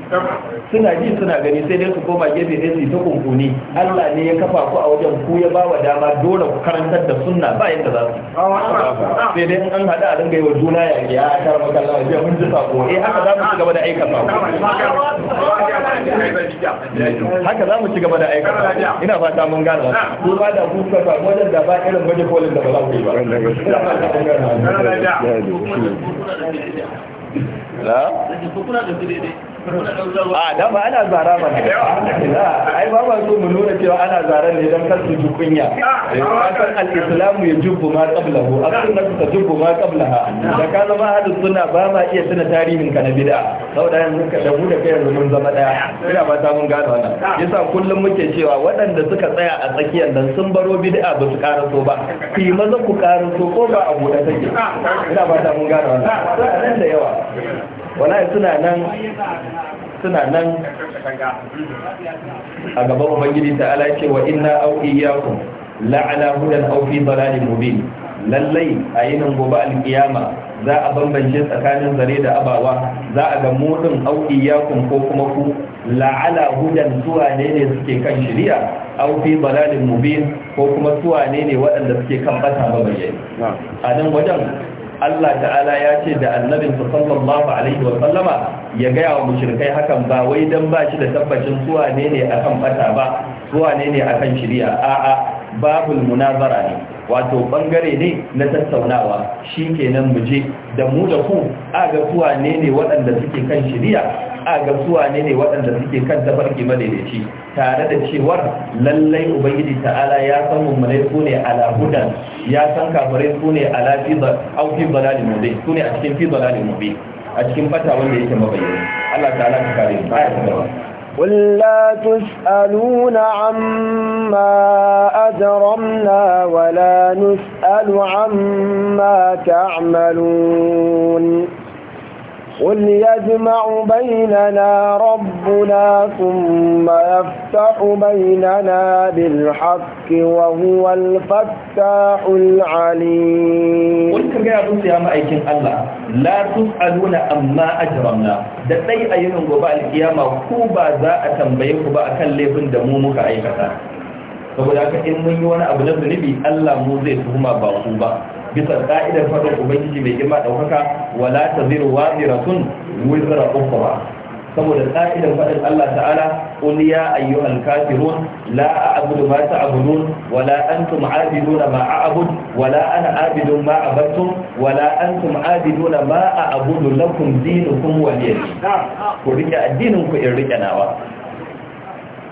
suna ji suna gani sai dai su koma gefe ɗaya su ta kunkuni Allah ne ya kafa ku a wajen ku ya bawa dama dole ku karantar da suna, ba yadda za su sai dai an haɗa a dinga yi wa juna ya ya ah, kara kar maka ya mun ji sako eh haka za mu ci gaba da aika sako haka za mu ci gaba da aika sako ina fata mun gane ku ba da ku ka wajen da ba irin gwaje kolin da ba za ku yi ba na? a da ba ana zara ba ai ba ba so mu nuna cewa ana zara ne don kar su ji kunya san al-islamu ya jubbu ma qablahu as ka tajubbu ma qablaha da ka zama ahli suna ba ma iya tuna tarihin ka na bid'a saboda yanzu ka dabu da kai mun zama daya ina ba ta mun gano wannan yasa kullum muke cewa waɗanda suka tsaya a tsakiyar don sun baro bid'a ba su karaso ba ku maza ku karaso ko ba a buɗe take ina ba ta mun gano wannan da yawa wallahi suna nan suna a gaban ubangiji ta ala ce wa inna au iyyakum la'ala hudan au fi dalalin mubin lallai a yinin gobe alkiyama za a bambance tsakanin zare da abawa za a ga mudin au iyyakum ko kuma ku la'ala hudan suwa ne ne suke kan shari'a au fi dalalin mubin ko kuma suwa ne ne waɗanda suke kan bata mabayyana a nan wajen Allah ta'ala ya ce da annabin sallallahu alaihi wa sallama ya gaya wa mushrikai hakan ba wai dan ba shi da tabbacin su ne ne akan bata ba su ne ne akan shari'a a'a babul munazara ne wato bangare ne na tattaunawa shi kenan nan muje. da mu da ku a ga suwa ne ne waɗanda suke kan shirya a ga suwa ne ne waɗanda suke kan tafarki madaidaici tare da cewar lallai ubangiji ta'ala ya san mummunai su ne ala hudan ya san kafirai su ne ala fi dalalin mubin su ne a cikin fi dalalin mubin a cikin fata wanda yake mabayyana Allah ta'ala ka kare mu قل لا تسألون عما أجرمنا ولا نسأل عما تعملون قل يجمع بيننا ربنا ثم يفتح بيننا بالحق وهو الفتاح العليم قل كرجع بس يا مأيكين الله لا تسألون أما أجرمنا da ɗai a yinin gobe alkiyama ku ba za a tambayi ku ba akan laifin da mu muka aikata saboda haka in mun yi wani abu na zunubi Allah mu zai tuhuma ba ku ba bisa ka'idar fadar ubangiji mai girma ɗaukaka, wala ta taziru waziratun wizra ukhra saboda ka'idar faɗin Allah ta'ala qul ya ayyuhal kafirun la a'budu ma ta'budun wala antum a'biduna ma a'bud wala ana a'budu ma abattum wala antum a'biduna ma a'budu lakum dinukum waliy ku rike addinin ku in rike nawa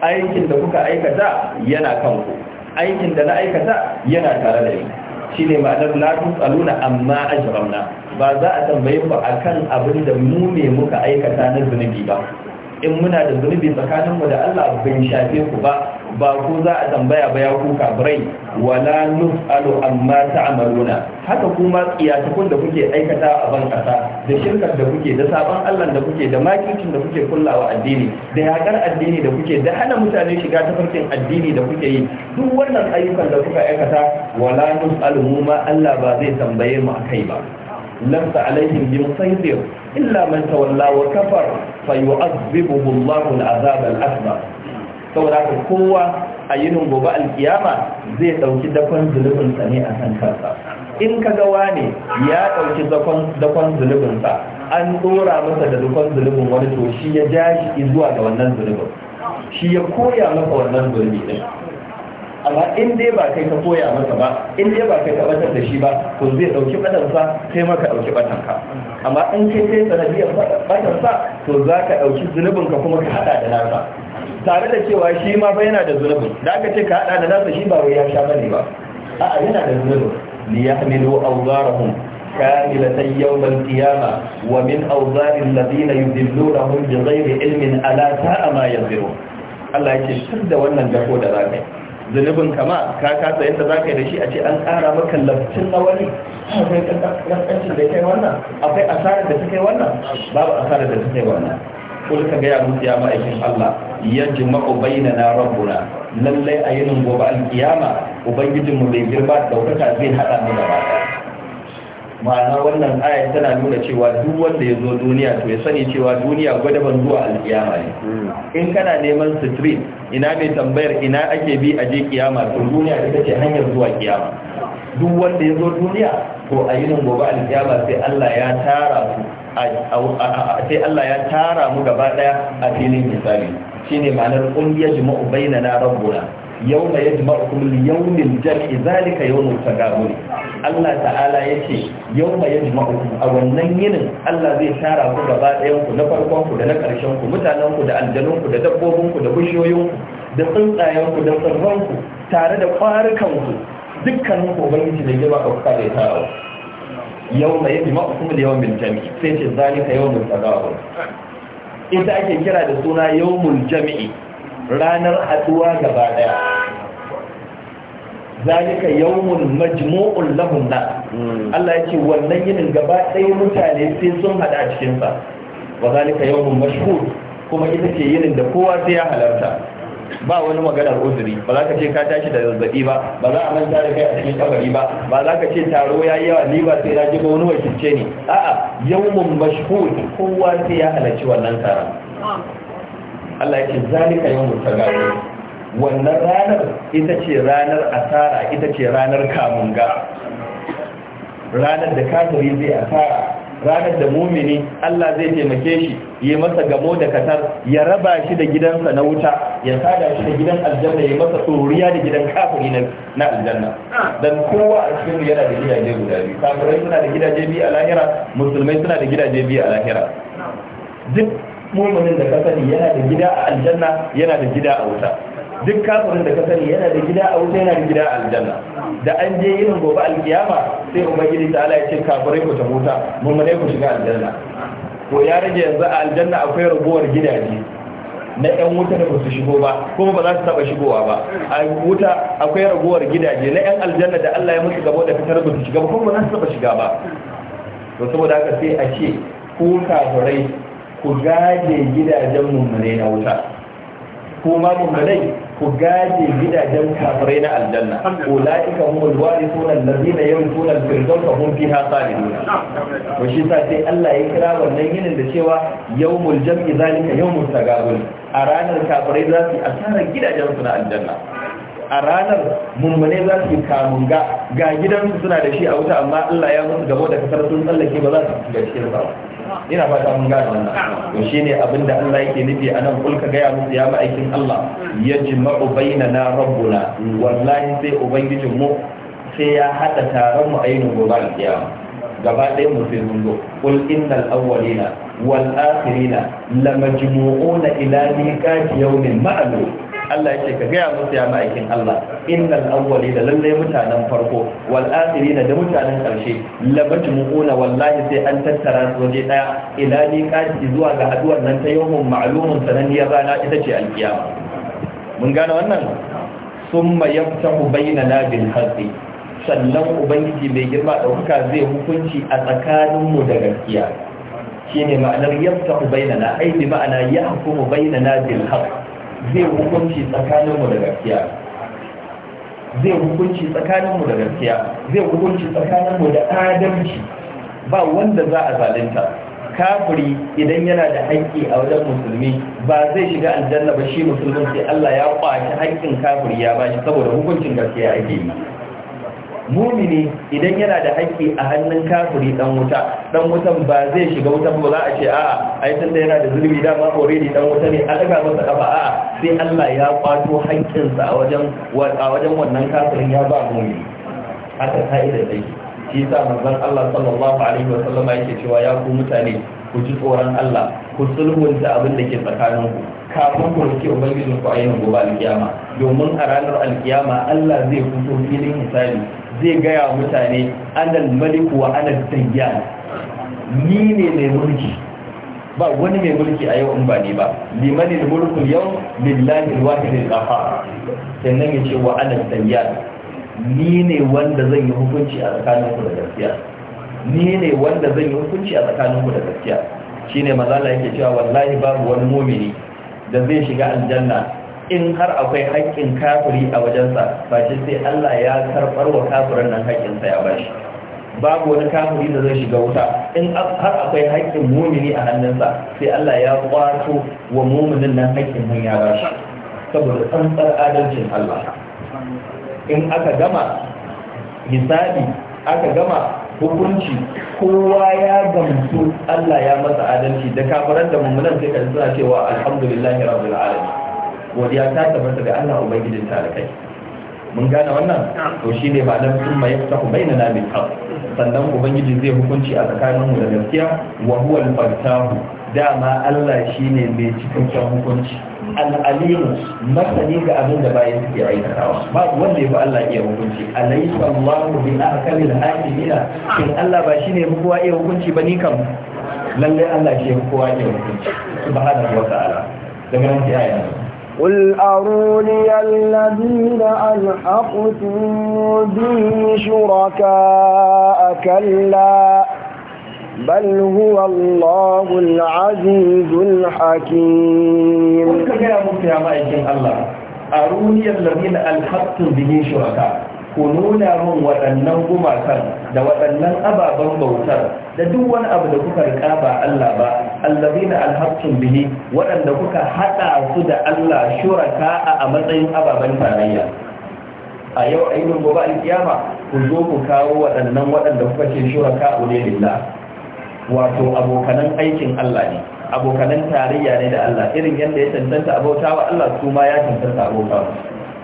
aikin da kuka aikata yana kanku aikin da na aikata yana tare da ni Shi ne ma'anar la tsaluna amma ajiyar ba za a tambaye a akan abin da mu ne muka aikata na zunubi ba in muna da zunubi tsakaninmu da Allah bai shafe ku ba ba ku za a tambaya ba ya kuka, kafirai wala nus'alu amma ta'maluna haka kuma tsiyatakun da kuke aikata a ban kasa da shirkar da kuke da sabon Allah da kuke da makicin da kuke kullawa addini da yakar addini da kuke da hana mutane shiga tafarkin addini da kuke yi duk wannan ayyukan da kuka aikata wala nus'alu mu ma Allah ba zai tambaye mu akai ba lamsa alaihim yusaydir illa man tawalla wa kafar fa yu'adhibuhu Allahu al-azab al-akbar saboda haka kowa a yi yinin gobe alkiyama zai ɗauki dakon zulubin ne a kan kansa in ka ga wane ya ɗauki dakon dakon an dora masa da dakon zulubin wani to shi ya ja shi zuwa ga wannan zulubin shi ya koya masa wannan zulubin amma in dai ba kai ka koya masa ba in dai ba kai ka batar da shi ba to zai dauki batarsa kai maka dauki batarka amma in kai kai sanadiyar batarsa to za ka dauki zunubin ka kuma ka hada da nasa tare da cewa shi ma fa yana da zunubin da aka ce ka hada da nasa shi ba wai ya sha bane ba a'a yana da zunubin li yahmilu awzarahum كاملة يوم القيامة ومن أوزار الذين يذلونهم بغير علم ألا ساء ما ينظرون الله يشهد وانا جهود راكي zunubin kama ka kasa yadda za ka yi da shi a ce an ƙara maka lafcin na wani akwai da kai wannan akwai asarar da ta kai wannan babu asarar da ta kai wannan kuma ka gaya musu ya ma'aikin Allah ya jima bayyana na rabbuna lallai a yinin gobe alkiyama ubangijinmu bai girma ɗaukaka zai haɗa mu gaba ma'ana wannan aya tana nuna cewa duk wanda ya zo duniya to ya sani cewa duniya gwadaban zuwa alkiyama ne hmm. in kana neman street ina mai tambayar ina ake bi a je kiyama to duniya ita ce hanyar zuwa kiyama duk wanda ya zo duniya to a yi nan gobe alkiyama sai Allah ya tara su sai Allah ya tara mu gaba daya a filin misali shine ma'anar kungiyar jima'u bainana rabbuna yawma yajma'ukum li yawmil jam'i zalika yawmul tagabun Allah ta'ala yace yawma yajma'ukum a wannan yinin Allah zai tara ku gaba ɗayan ku na farkon ku da na ƙarshen ku mutanen ku da aljanun ku da dabbobin ku da bishiyoyin ku da tsuntsayen ku da tsirran ku tare da kwarukan ku dukkanin ku ubangiji da girma ɗaukaka zai tara yawma yajma'ukum li yawmil jami'i sai ce zalika yawmul tagabun ita ake kira da suna yawmul jami'i ranar haduwa gaba daya zalika yawmul majmu'ul lahum na hmm. Allah yake ce wannan yinin gaba ɗaya mutane sai sun hada a sa wa zalika yawmul mashhur kuma ita ce yinin da kowa sai ya halarta ba wani maganar uzuri ba za ka ce ka tashi da zazzabi ba ba za a manta da kai a cikin kabari ba ba za ka ce taro ya yi yawa ni ba sai na ji wani wakilce ne a'a yawmul mashhur kowa sai ya halarci wannan taron Allah zalika yawmul tagabun wannan ranar ita ce ranar asara ita ce ranar kamunga ranar da kafiri zai asara ranar da mumini Allah zai taimake shi yi masa gamo da katar ya raba shi da gidansa na wuta ya sada shi da gidan aljanna ya masa tsoriya da gidan kafiri na aljanna dan kowa a cikin yana da gidaje guda biyu kafirai suna da gidaje biyu a lahira musulmai suna da gidaje biyu a lahira duk muminin da ka sani yana da gida a aljanna yana da gida a wuta duk kafirin da ka sani yana da gida a wuta yana da gida a aljanna da an je yin gobe alkiyama sai ubangiji ta ala ya ce kafirai ku ta wuta mummunai ku shiga aljanna to ya rage yanzu a aljanna akwai raguwar gidaje na yan wuta da basu shigo ba kuma ba za su taba shigowa ba a wuta akwai raguwar gidaje na yan aljanna da Allah ya musu gabo da fitar ba su shiga ba kuma ba za su taba shiga ba to saboda haka sai a ce ko kafirai ku gaje gidajen mummunai na wuta kuma mummunai ku gaje gidajen kafirai na aljanna ulaika humul warithun allazina yarithun al-firdausa hum fiha khalidun to shi sa sai Allah ya kira wannan yinin da cewa yawmul jam'i zalika yawmul tagabul a ranar kafirai za su asara gidajen su na aljanna a ranar mummune za su kamun ga ga gidansu suna da shi a wuta amma Allah ya musu gabo da kasar sun tsallake ba za su shiga cikin ba ina fata mun gane wannan to shine abin da Allah yake nufi anan kul ka gaya musu ya ma'aikin Allah yajma'u bainana rabbuna wallahi sai ubangijin mu sai ya hada taron mu ainihin gobe kiyama gaba ɗaya mu sai mun zo kul innal awwalina والآخرين لمجموعون إلى ميقات يوم معلوم Allah yake ka gaya musu ya ma'aikin Allah innal awwali da lallai mutanen farko wal da mutanen karshe la majmu'una wallahi sai an tattara su waje daya ila liqati zuwa ga haduwar nan ta yawmun ma'lumun sananiyar rana ita ce alkiyama mun gane wannan summa yaftahu bainana bil haqqi sannan ubangiji mai girma ɗaukaka zai hukunci a tsakaninmu da gaskiya shine ma'anar yaftahu bainana ai bi ma'ana yahkumu bainana bil haqq zai hukunci tsakaninmu da gaskiya zai hukunci mu da gaskiya zai hukunci mu da adalci ba wanda za a zalunta kafiri idan yana da haƙƙi a wajen musulmi ba zai shiga aljanna ba shi musulmin sai Allah ya kwaci haƙƙin kafiri ya bashi saboda hukuncin gaskiya ake yi mumini idan yana da haƙƙi a hannun kafiri dan wuta dan wutan ba zai shiga wutan ba za a ce a'a ai tunda yana da zulmi dama already dan wuta ne a daga masa kafa a'a sai Allah ya kwato sa a wajen a wajen wannan kafirin ya ba mumini haka ka'ida dai shi yasa manzon Allah sallallahu alaihi wa sallama yake cewa ya ku mutane ku ji tsoron Allah ku sulhunta abin da ke tsakaninku kafin ku rike ubangijin ku a yin gobe alkiyama domin a ranar alkiyama Allah zai fito filin hisabi zai gaya mutane anal maliku wa anan dayyan ni ne mai mulki ba wani mai mulki a yau in ba ne ba limanin mulkul yau lillahi alwahidil qahhar sannan ya ce wa anan dayyan ni ne wanda zan yi hukunci a tsakaninku da gaskiya ni ne wanda zan yi hukunci a tsakaninku da gaskiya shine mazala yake cewa wallahi babu wani mumini da zai shiga aljanna in har akwai haƙƙin kafiri a wajensa ba shi sai Allah ya karɓar wa kafirin nan haƙƙinsa ya bashi babu wani kafiri da zai shiga wuta in har akwai haƙƙin mumini a hannunsa sai Allah ya kwato wa muminin nan haƙƙin nan ya bashi saboda tsantsar adalcin Allah in aka gama hisabi aka gama hukunci kowa ya gamsu Allah ya masa adalci da kafiran da mummunan sai ka suna cewa alhamdulillahi rabbil alamin godiya ta tabbata ga Allah ubangijin ta da kai mun gane wannan to shine ba dan sun mai ta baina na bil haqq sannan ubangiji zai hukunci a tsakanin mu da gaskiya wa huwa al fatahu dama Allah shine mai cikakken hukunci al'alimu masani ga abin da bayan suke aikatawa ba wanda ya fi Allah iya hukunci alaisa Allahu bi ahkamil hakimina shin Allah ba shine fi kowa iya hukunci ba ni kam Lallai Allah shi ya fi kowa iya hukunci subhanahu wa ta'ala daga nan sai aya قل أروني الذين ألحقتم به شركاء كلا بل هو الله العزيز الحكيم قل يا مفتي يا الله أروني الذين ألحقتم به شركاء ku nuna min waɗannan gumakan da waɗannan ababen bautar da duk wani abu da kuka rika ba Allah ba na alhaqtum bihi waɗanda kuka hada su da Allah shuraka a matsayin ababen tarayya a yau ainihin gobe alkiyama ku zo ku kawo waɗannan waɗanda kuka ce shuraka a wuri lillah wato abokanan aikin Allah ne abokanan tarayya ne da Allah irin yadda ya tantanta abauta wa Allah su ma ya tantanta abauta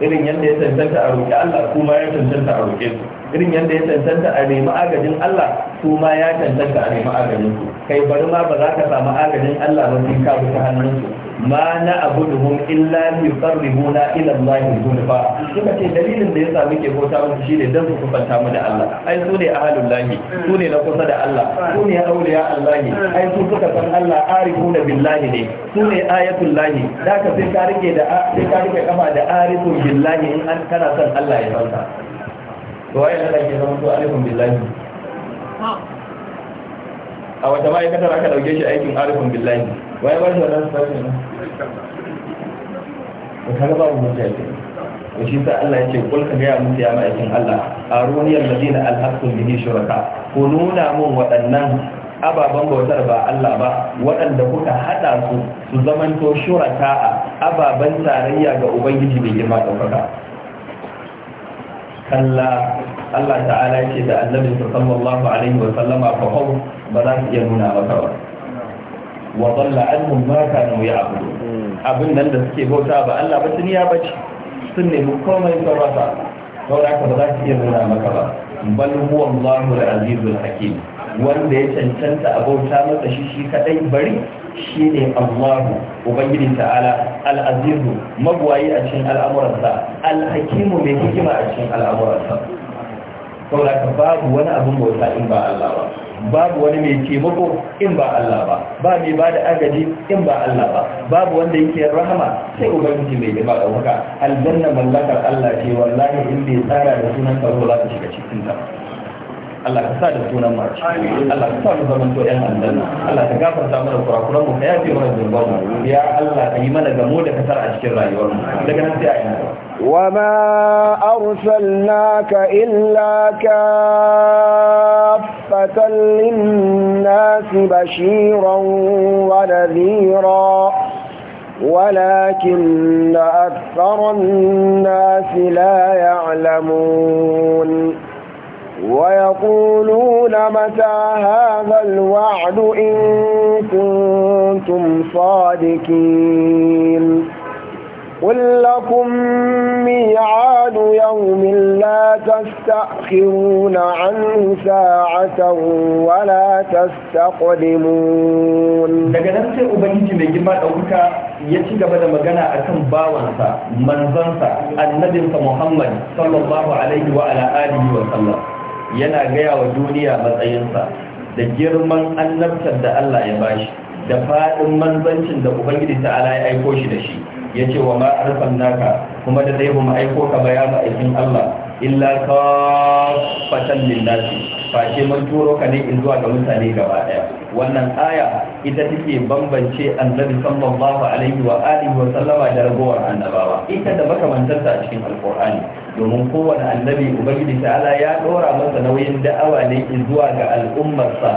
irin yadda ya tantanta a roƙi Allah su ma ya tantanta a roƙe su irin yadda ya cancanta a nemi agajin Allah su ma ya cancanta a nemi agajin su kai bari ma ba za ka samu agajin Allah ba sai ka bi ta hannun su ma na abuduhum illa yuqarribuna ila Allah zulfa suka ce dalilin da yasa muke bauta musu shine dan su kufanta mu da Allah ai su ne ahlul lahi su ne na kusa da Allah su ne auliya Allah ai su suka san Allah arifuna billahi ne su ne ayatul lahi da ka sai ka rike da sai ka rike kafa da arifun billahi in an kana san Allah ya san to waye Allah ke zama su alifun billahi a wata ma'aikatar aka dauke shi aikin alifun billahi waye ba shi wannan sifafin nan to kaga babu mutane to shi sa Allah ya ce kul ka gaya mutu ya ma'aikin Allah aruniyal ladina alhaqu bihi shuraka ku nuna mun waɗannan ababen bautar ba Allah ba waɗanda kuka haɗa su su zamanto shuraka ababen tarayya ga ubangiji bai girma ɗaukaka kalla Allah ta'ala ce da annabi sallallahu alaihi wa sallama fa hau ba za su iya nuna maka ba wa dalla annum ma kanu ya'budu abin nan da suke bauta ba Allah ba sun ya bace sun nemi komai sun rasa saboda haka ba za su iya nuna maka ba bal huwa Allahu al-azizul hakim wanda ya cancanta a bauta masa shi shi kadai bari shine Allahu ubangiji ta'ala al-aziz magwayi a cikin al'amuransa al-hakim mai hikima a cikin al'amuransa saboda babu wani abin bauta in ba Allah ba babu wani mai taimako in ba Allah ba ba mai ba da agaji in ba Allah ba babu wanda yake rahama sai ubangiji mai jima da wuka aljanna mallakar Allah ce wallahi in bai tsara da sunan ka ba za ka shiga cikin ta Allah ka sa da sunan mu Allah ka sa mu zaman to yan aljanna Allah ka gafarta mana kurakuran mu ka yafe mana zunuban mu ya Allah ka yi mana gamo da kasar a cikin rayuwar mu daga nan sai ayi وما أرسلناك إلا كافة للناس بشيرا ونذيرا ولكن أكثر الناس لا يعلمون ويقولون متى هذا الوعد إن كنتم صادقين قل لكم ميعاد يوم لا تستأخرون عنه ساعة ولا تستقدمون daga nan sai ubangiji mai girma ɗaukaka ya ci gaba da magana a kan bawansa manzansa annabinsa Muhammad sallallahu alaihi wa ala alihi wa sallam yana gaya wa duniya matsayinsa da girman annabtar da Allah ya bashi da faɗin manzancin da ubangiji ta'ala ya aiko shi da shi ya ce wa ma naka kuma da zai mu aiko ka bayan ya ma'aikin Allah illa ka fatan lillahi fashe mun turo ka ne in zuwa ga mutane gaba daya wannan aya ita take bambance annabi sallallahu alaihi wa alihi wa sallama da ragowar annabawa ita da makamantarta a cikin alqur'ani domin kowane annabi ubangiji ta'ala ya dora masa nauyin da'awa ne zuwa ga al'ummarsa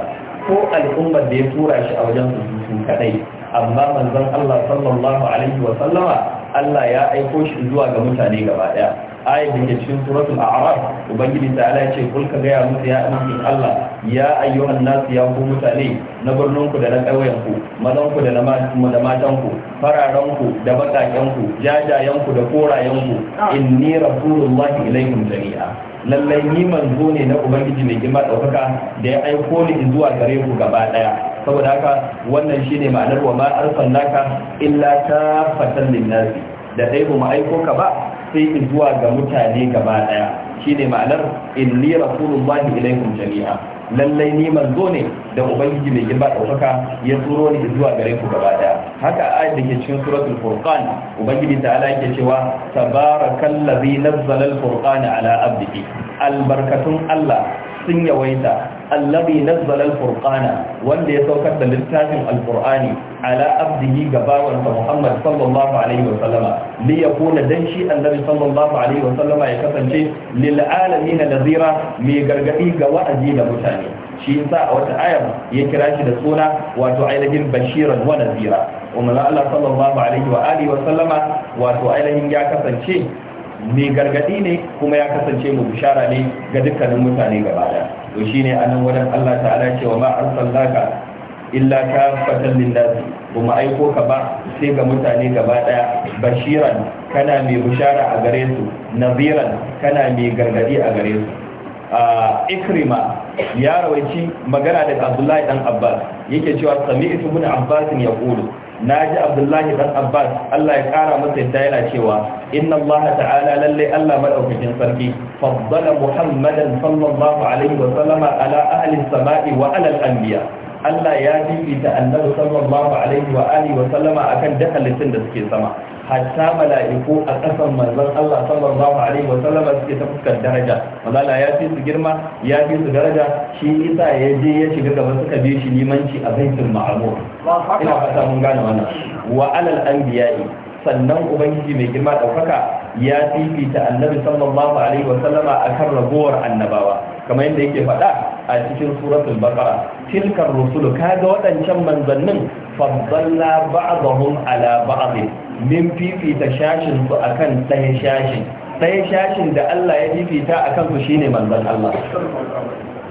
ko al'ummar da ya tura shi a wajen su kadai amma manzon Allah sallallahu alaihi wa sallama Allah ya aiko shi zuwa ga mutane gaba daya ayi da ke cikin suratul a'raf ubangiji ta ala ce kul ka ga ya musu ya annabi Allah ya ayyuhan nas ya ku mutane na birnin ku da na ƙauyen ku mazan ku da na matan ku fararen ku da bakaken ku jajayen ku da korayen ku ah. inni rasulullahi ilaikum jami'a lallai ni manzo ne na ubangiji mai girma ɗaukaka da ya aiko ni zuwa gare ku gaba ɗaya saboda haka wannan shine ma'anar wa ma arsalnaka illa ta kafatan linnasi da dai ba mu aiko ka ba sai in zuwa ga mutane gaba ɗaya shine ma'anar inni rasulullahi ilaikum jami'a lallai ni manzo ne da ubangiji mai girma ɗaukaka ya turo ni zuwa gare ku gaba ɗaya haka ayat da ke cikin suratul furqan ubangiji ta ala yake cewa tabarakallazi nazzalal al-furqana ala abdihi albarkatun Allah sun yawaita allazi nazzala alqur'ana wanda ya saukar da littafin alqur'ani ala abdihi gabawan sa muhammad sallallahu alaihi wa sallama li yakuna dan shi annabi sallallahu alaihi wa sallama ya kasance lil alamin nazira mai gargadi ga wa'azi da mutane shi yasa a wata ayar ya kira shi da suna wato ainihin bashiran wa nazira umma Allah sallallahu alaihi wa alihi wa sallama wato ainihin ya kasance mai gargadi ne kuma ya kasance mu bishara ne ga dukkanin mutane gaba daya to shine anan wajen Allah ta'ala cewa ma arsalnaka illa ka kafatan linnasi kuma aiko ka ba sai ga mutane gaba daya bashiran kana mai bishara a gare su naziran kana mai gargadi a gare su ikrima ya rawaici magana daga abdullahi dan abbas yake cewa sami ibn abbas ya qulu na ji abdullahi dan abbas allah ya kara masa yadda yana cewa inna allah ta'ala lallai allah madaukakin sarki faddala muhammadan sallallahu alaihi wa sallama ala ahli sama'i wa ala al Allah ya fifita annabi sallallahu alaihi wa alihi wa sallama akan dakalitin da suke sama hatta mala'iku a kasan manzon Allah sallallahu alaihi wa sallama suke ta fuskar daraja manzala ya fi su girma ya fi su daraja shi isa ya je ya shiga gaban suka bi shi limanci a baitul ma'mur ina fata mun gane wannan wa alal anbiya'i sannan ubangiji mai girma ɗaukaka ya fifita annabi sallallahu alaihi wa sallama akan ragowar annabawa kamar yadda yake faɗa a cikin suratul baqara tilkar rusul kaga waɗancan manzannin faddalla ba'dahum ala ba'd min fifita shashin su akan ɗaya shashin ɗaya shashin da Allah ya fifita akan su shine manzon Allah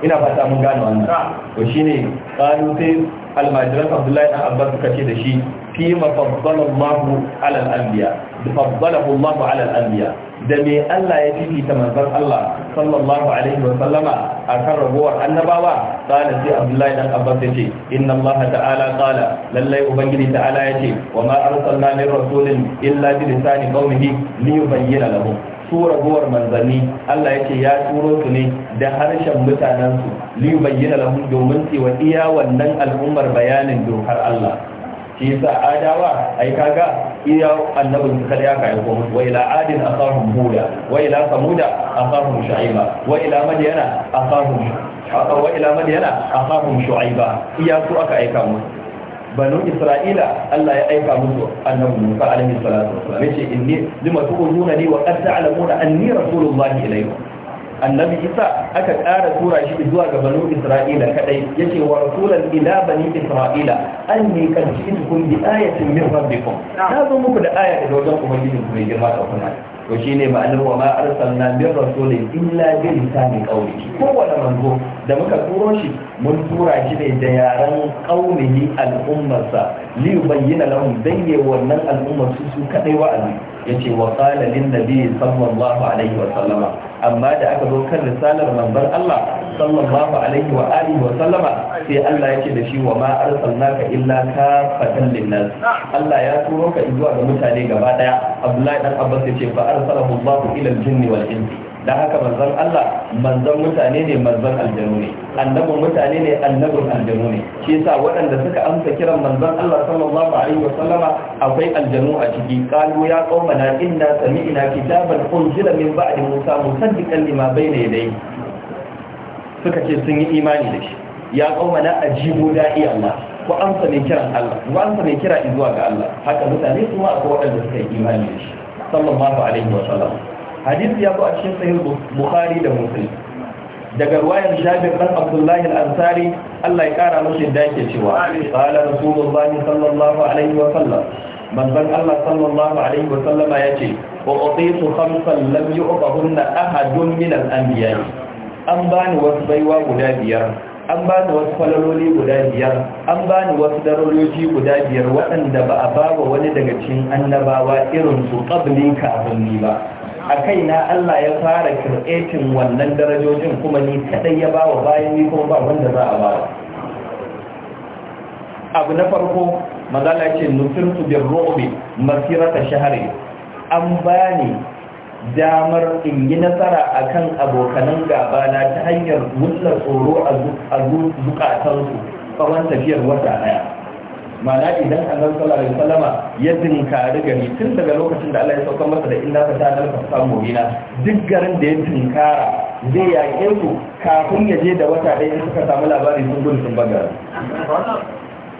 ina fata mun gane wannan to shine qalu sai almajiran abdullahi dan abbas suka ce da shi fi mafaddala Allahu ala al-anbiya faddalahu Allahu ala al-anbiya da me Allah ya fifita manzon Allah sallallahu alaihi wa sallama akan rabuwar annabawa kana sai abdullahi dan abbas yace inna Allah ta'ala qala lallai ubangiji ta'ala yace wa ma arsalna min rasulin illa bi lisani qaumihi li yubayyana lahum Tura ragowar manzanni Allah yake ya turo su ne da harshen mutanensu li bayyana lahum domin su wa iya wannan al'ummar bayanin dokar Allah shi yasa adawa ai kaga iya annabin su kada ya kai ko wa ila adin akahum huda wa ila samuda akahum shu'aiba wa ila madyana akahum wa ila madyana akahum shu'aiba iya su aka aika musu banu isra'ila Allah ya aika musu annabi Musa alaihi salatu wasallam yace inni lima tuquluna li wa qad ta'lamuna anni rasulullahi ilaykum annabi Isa aka ƙara tura shi zuwa ga banu Isra'ila kadai yace wa rasulan ila bani Isra'ila anni qad ji'tukum bi ayatin min rabbikum na zo muku da aya daga wajen ubangiji ku mai girma da kuma to ne ma'anar wa ma arsalna min rasulin illa bi lisani qawli kowane manzo da muka turo shi mun tura shi ne da yaren qawlihi al'ummarsa li yubayyana lahum dayya wannan al'ummar su su kadai wa'azi yace wa qala lin nabiy sallallahu alaihi wa sallama amma da aka zo kan risalar manzon Allah sallallahu alaihi wa alihi wa sallama sai Allah yake da shi wa ma arsalnaka illa ka kafatan linnas Allah ya turo ka zuwa ga mutane gaba daya Abdullahi dan Abbas yace fa arsalahu Allah ila al-jinni wal insi da haka manzon Allah manzon mutane ne manzon aljanu ne annabin mutane ne annabin aljanu ne shi yasa waɗanda suka amsa kiran manzon Allah sallallahu alaihi wasallama akwai aljanu a ciki qalu ya qaumana inna sami'na kitaban unzila min ba'di musa musaddiqan lima bayna yadayhi suka ce sun yi imani da shi ya qaumana ajibu da'i Allah ku amsa mai kiran Allah ku amsa mai kira izuwa ga Allah haka mutane kuma akwai waɗanda suka yi imani da shi sallallahu alaihi wasallam hadisi ya zo a cikin sahih bukhari da muslim daga ruwayan jabir dan abdullahi al-ansari Allah ya kara mashi da yake cewa qala rasulullahi sallallahu alaihi wa sallam manzon Allah sallallahu alaihi wa sallama yace wa utitu khamsan lam yu'tahunna ahadun min al-anbiya an bani wasu baiwa guda biyar an bani wasu falaloli guda biyar an bani wasu daroloji guda biyar waɗanda ba a wa wani daga cikin annabawa irin su qablinka abin ni ba a kai na Allah ya fara kirketin wannan darajojin kuma ni kadai ya ba wa bayan ni kuma ba wanda za a ba abu na farko mazala ce su bin robe masirata shahari an bani damar in yi nasara a kan abokanan na ta hanyar wulla tsoro a zukatansu tsawon tafiyar wata daya mana idan annabi sallar alaihi sallama ya tinkari gari tun daga lokacin da Allah ya sauka masa da inna ta ta'ala ka samu bina duk garin da ya tinkara zai yaƙe su kafin ya je da wata ɗaya in suka samu labari sun gudu sun bagara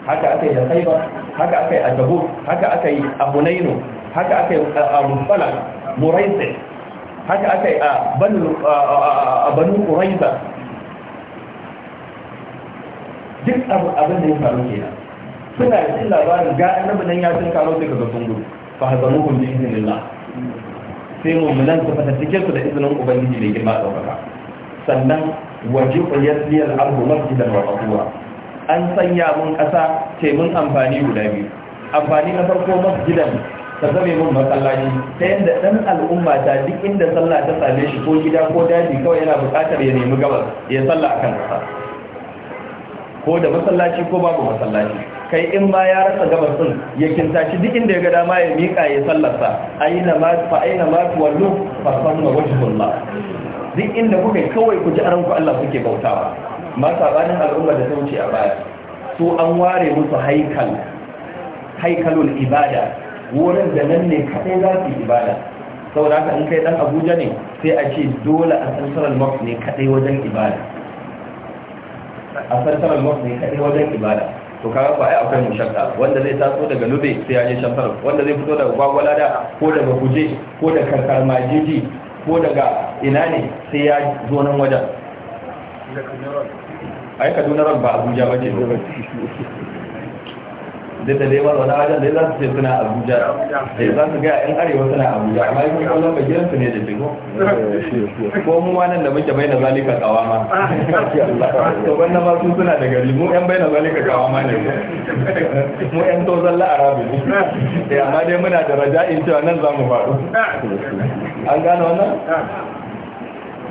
haka aka yi da saiba haka aka yi a haka aka yi a haka aka yi a musfala muraisi haka aka yi a banu ƙuraisa duk abin da ya faru kenan suna jin labarin ga annabi nan ya san karo sai kaga sun gudu fa hazamuhum bi idnillah sai nan su fata cikin su da izinin ubangiji mai girma daukaka sannan waje yasli al-ardu masjidan wa qura an sanya mun kasa ce mun amfani guda biyu amfani na farko masjidan ta zame mun masallaci ta yadda dan al'umma ta duk inda sallah ta same shi ko gida ko daji kawai yana buƙatar ya nemi gabas ya sallah akan kasa ko da masallaci ko babu masallaci kai in ba ya rasa gabar sun ya kinta shi duk inda ya ga dama ya miƙa ya sallarsa aina ma fa aina ma tuwallu fa sanna wajhullah duk inda kuka kawai ku ji aranku Allah suke bautawa ma sabanin al'umma da ta wuce a baya su an ware musu haikal haikalul ibada wurin da nan ne kadai za su ibada saboda haka in kai dan Abuja ne sai a ce dole a central mafi ne kadai wajen ne kadai wajen ibada to kaga ba ai akwai mushakka wanda zai taso daga nube sai ya je shafar wanda zai fito daga gwagwalada ko daga kuje ko daga majiji ko daga ina ne sai ya zo nan wajen ai kaduna ba abuja ba ce duk da dai wani wajen dai za su ce suna abuja da eh, za su ga yan arewa suna abuja amma yi kuma zama gidan su ne da shigo ko mu ma nan da muke bai na zalika kawama to wannan ma su suna da gari mu yan bai na zalika ma ne mu yan tozon la'arabi ne eh, amma dai muna da raja'in cewa nan za mu faru an gano wannan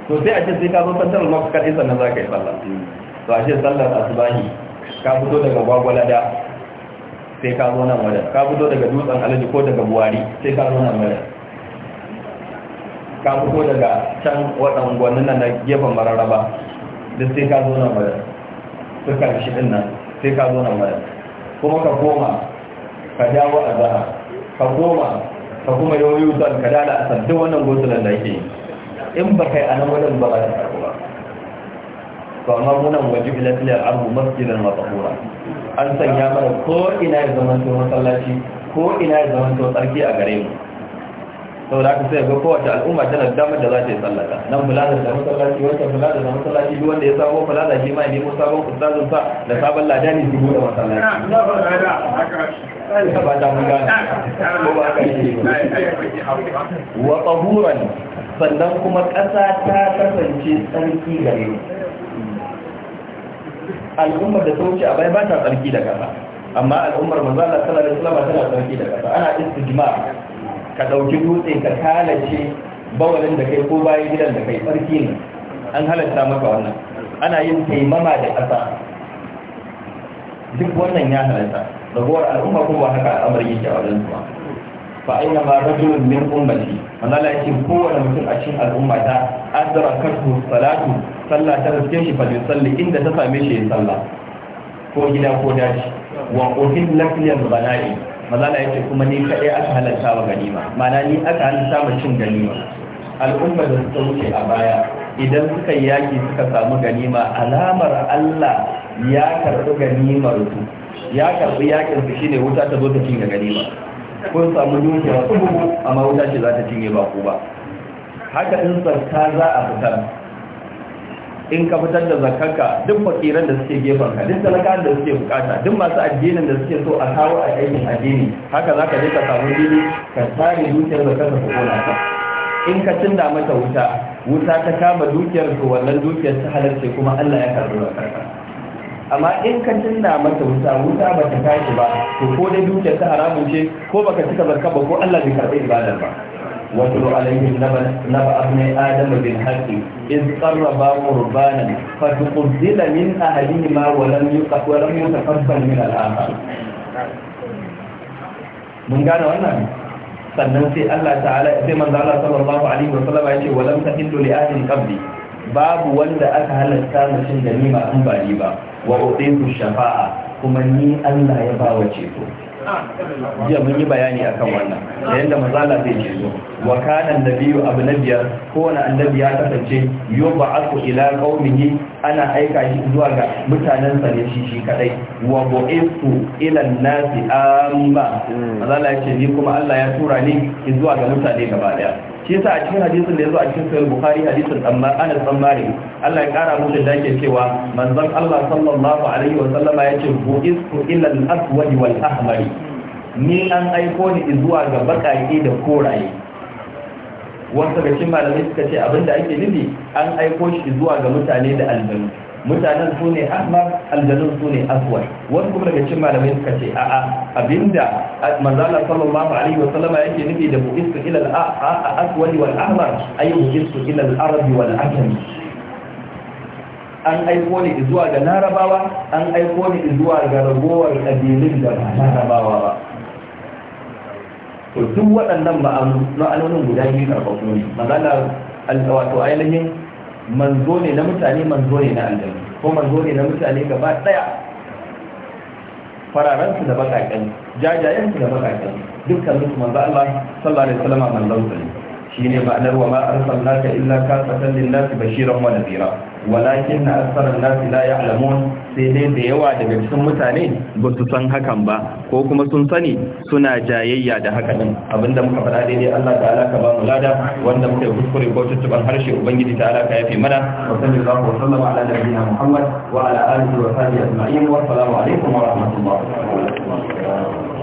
to sai a ce sai ka zo tantar maka kadai sannan za ka yi sallah to a ce sallar asubahi ka fito daga gwagwalada sai ka zo nan wajen ka fito daga dutsen alaji ko daga buwari sai ka zo nan wajen ka fito daga can waɗan gwanin nan na gefen mararraba. da sai ka zo nan wajen suka shi ɗin nan sai ka zo nan wajen kuma ka koma ka dawo a zaha ka koma ka kuma yau yi zan ka dala a sabbin wannan gosulan da ake yi in ba kai a nan wajen ba za ta karɓi ba to amma munan wajen ilatiliyar arhu masjidan wa tsakura an sanya mana ko ina ya zama to masallaci ko ina ya zama to tsarki a gare mu sau da aka sai ga kowace al'umma tana damar da za ta yi sallata nan bulada da masallaci wata bulada da masallaci duk wanda ya samo bulada shi ma ya nemo sabon ustazin sa da sabon ladani su buɗe masallaci ta ba ta mun gane ko ba aka yi wa tsahuran sannan kuma ƙasa ta kasance tsarki gare mu al'ummar da ta wuce a baya ba ta tsarki da kasa amma al'ummar manzo Allah sallallahu alaihi wasallam tana tsarki da kasa ana istijma ka dauki dutse ka kalace bawalin da kai ko bayi gidan da kai tsarki ne an halatta maka wannan ana yin taimama da kasa duk wannan ya halatta ragowar al'umma kuma haka al'amar yake a wajen zuwa fa aina ma rajulun min ummati manzo Allah ya kowane mutum a cikin al'umma ta kasu salatu sallah ta riske shi fa yusalli inda ta same shi ya sallah ko gida ko daji wa uhil lakliyal bala'i mazala yake kuma ni kadai aka halarta wa ganima mana ni aka halarta ma cin ganima al'ummar da suka wuce a baya idan suka yaki suka samu ganima alamar Allah ya karɓi ganimar su ya karɓi yakin su shine wuta ta zo ta cinye ganima kun samu dukiya tsubu amma wuta ce za ta cinye ba ku ba haka in sarka za a fitar in ka fitar da zakarka duk fakiran da suke gefen ka duk talakawan da suke bukata duk masu addinin da suke so a kawo a aikin addini haka za ka je ka samu jini ka tsare dukiyar zakarka ka na ta in ka cinna mata wuta wuta ta kama dukiyar to wannan dukiyar ta halarce kuma Allah ya karbi zakarka amma in ka cinna mata wuta wuta ba ta kashi ba to ko dai dukiyar ta haramun ce ko baka cika zakka ba ko Allah bai karbi ibadar ba واتل عليهم نبأ ابن آدم بالحق إذ قربا قربانا فتقبل من أهلهما ولم ولم يتقبل من الآخر mun gane wannan sannan sai Allah ta'ala sai manzo Allah sallallahu alaihi wa sallam yace wa lam tahillu li babu wanda aka halarta mutum da nima an ba ba wa shafa'a kuma ni Allah ya bawa ceto jiya mun yi bayani akan wannan da yadda mazala zai ce zo wa kana abu na biyar kowane annabi ya kasance ba ila kaumihi ana aika shi zuwa ga mutanen sa ne shi shi kadai wa bu'istu ila nasi amma hmm. Allah ya ce ni kuma Allah ya tura ni zuwa ga mutane gaba daya shi yasa a cikin hadisin da yazo a cikin sahih bukhari hadisin amma ana bin Allah ya kara da yake cewa manzon Allah sallallahu alaihi wa sallama ya ce bu'istu ila al-aswad wal ahmar ni an aiko ni zuwa ga bakaki da koraye wasu daga cikin malamai suka ce abinda ake nufi an aiko shi zuwa ga mutane da aljanu mutanen su ne ahmar aljanun su ne aswar wasu kuma daga cikin malamai suka ce a'a abinda manzala sallallahu alaihi wa sallama yake nufi da bu'istu ila al-a'a aswad wal ahmar ay bu'istu ila al-arab wal ajami an aiko ne zuwa ga Narabawa, an aiko ne zuwa ga ragowar kabilun da ba ba to duk waɗannan ma'anonin guda biyu karfafu ne magana alƙawato ainihin manzo ne na mutane manzo ne na aljanu ko manzo ne na mutane gaba ɗaya fararansu da jajayen jajayensu da baƙaƙen dukkan su manzo Allah sallallahu alaihi wasallam manzo ne shine ma'anar wa ma arsalnaka illa kafatan lin-nasi bashiran wa nadhira walakin na asarar nasi la ya'lamun sai dai da yawa daga cikin mutane ba su san hakan ba ko kuma sun sani suna jayayya da haka din abinda muka faɗa daidai Allah ta alaka ba mu lada wanda muka yi kuskure ko tuttuban harshe ubangiji ta alaka ya fi mana wa sallallahu wa sallama ala nabiyyina Muhammad wa ala alihi wa sahbihi ajma'in wa assalamu alaikum wa rahmatullahi wa barakatuh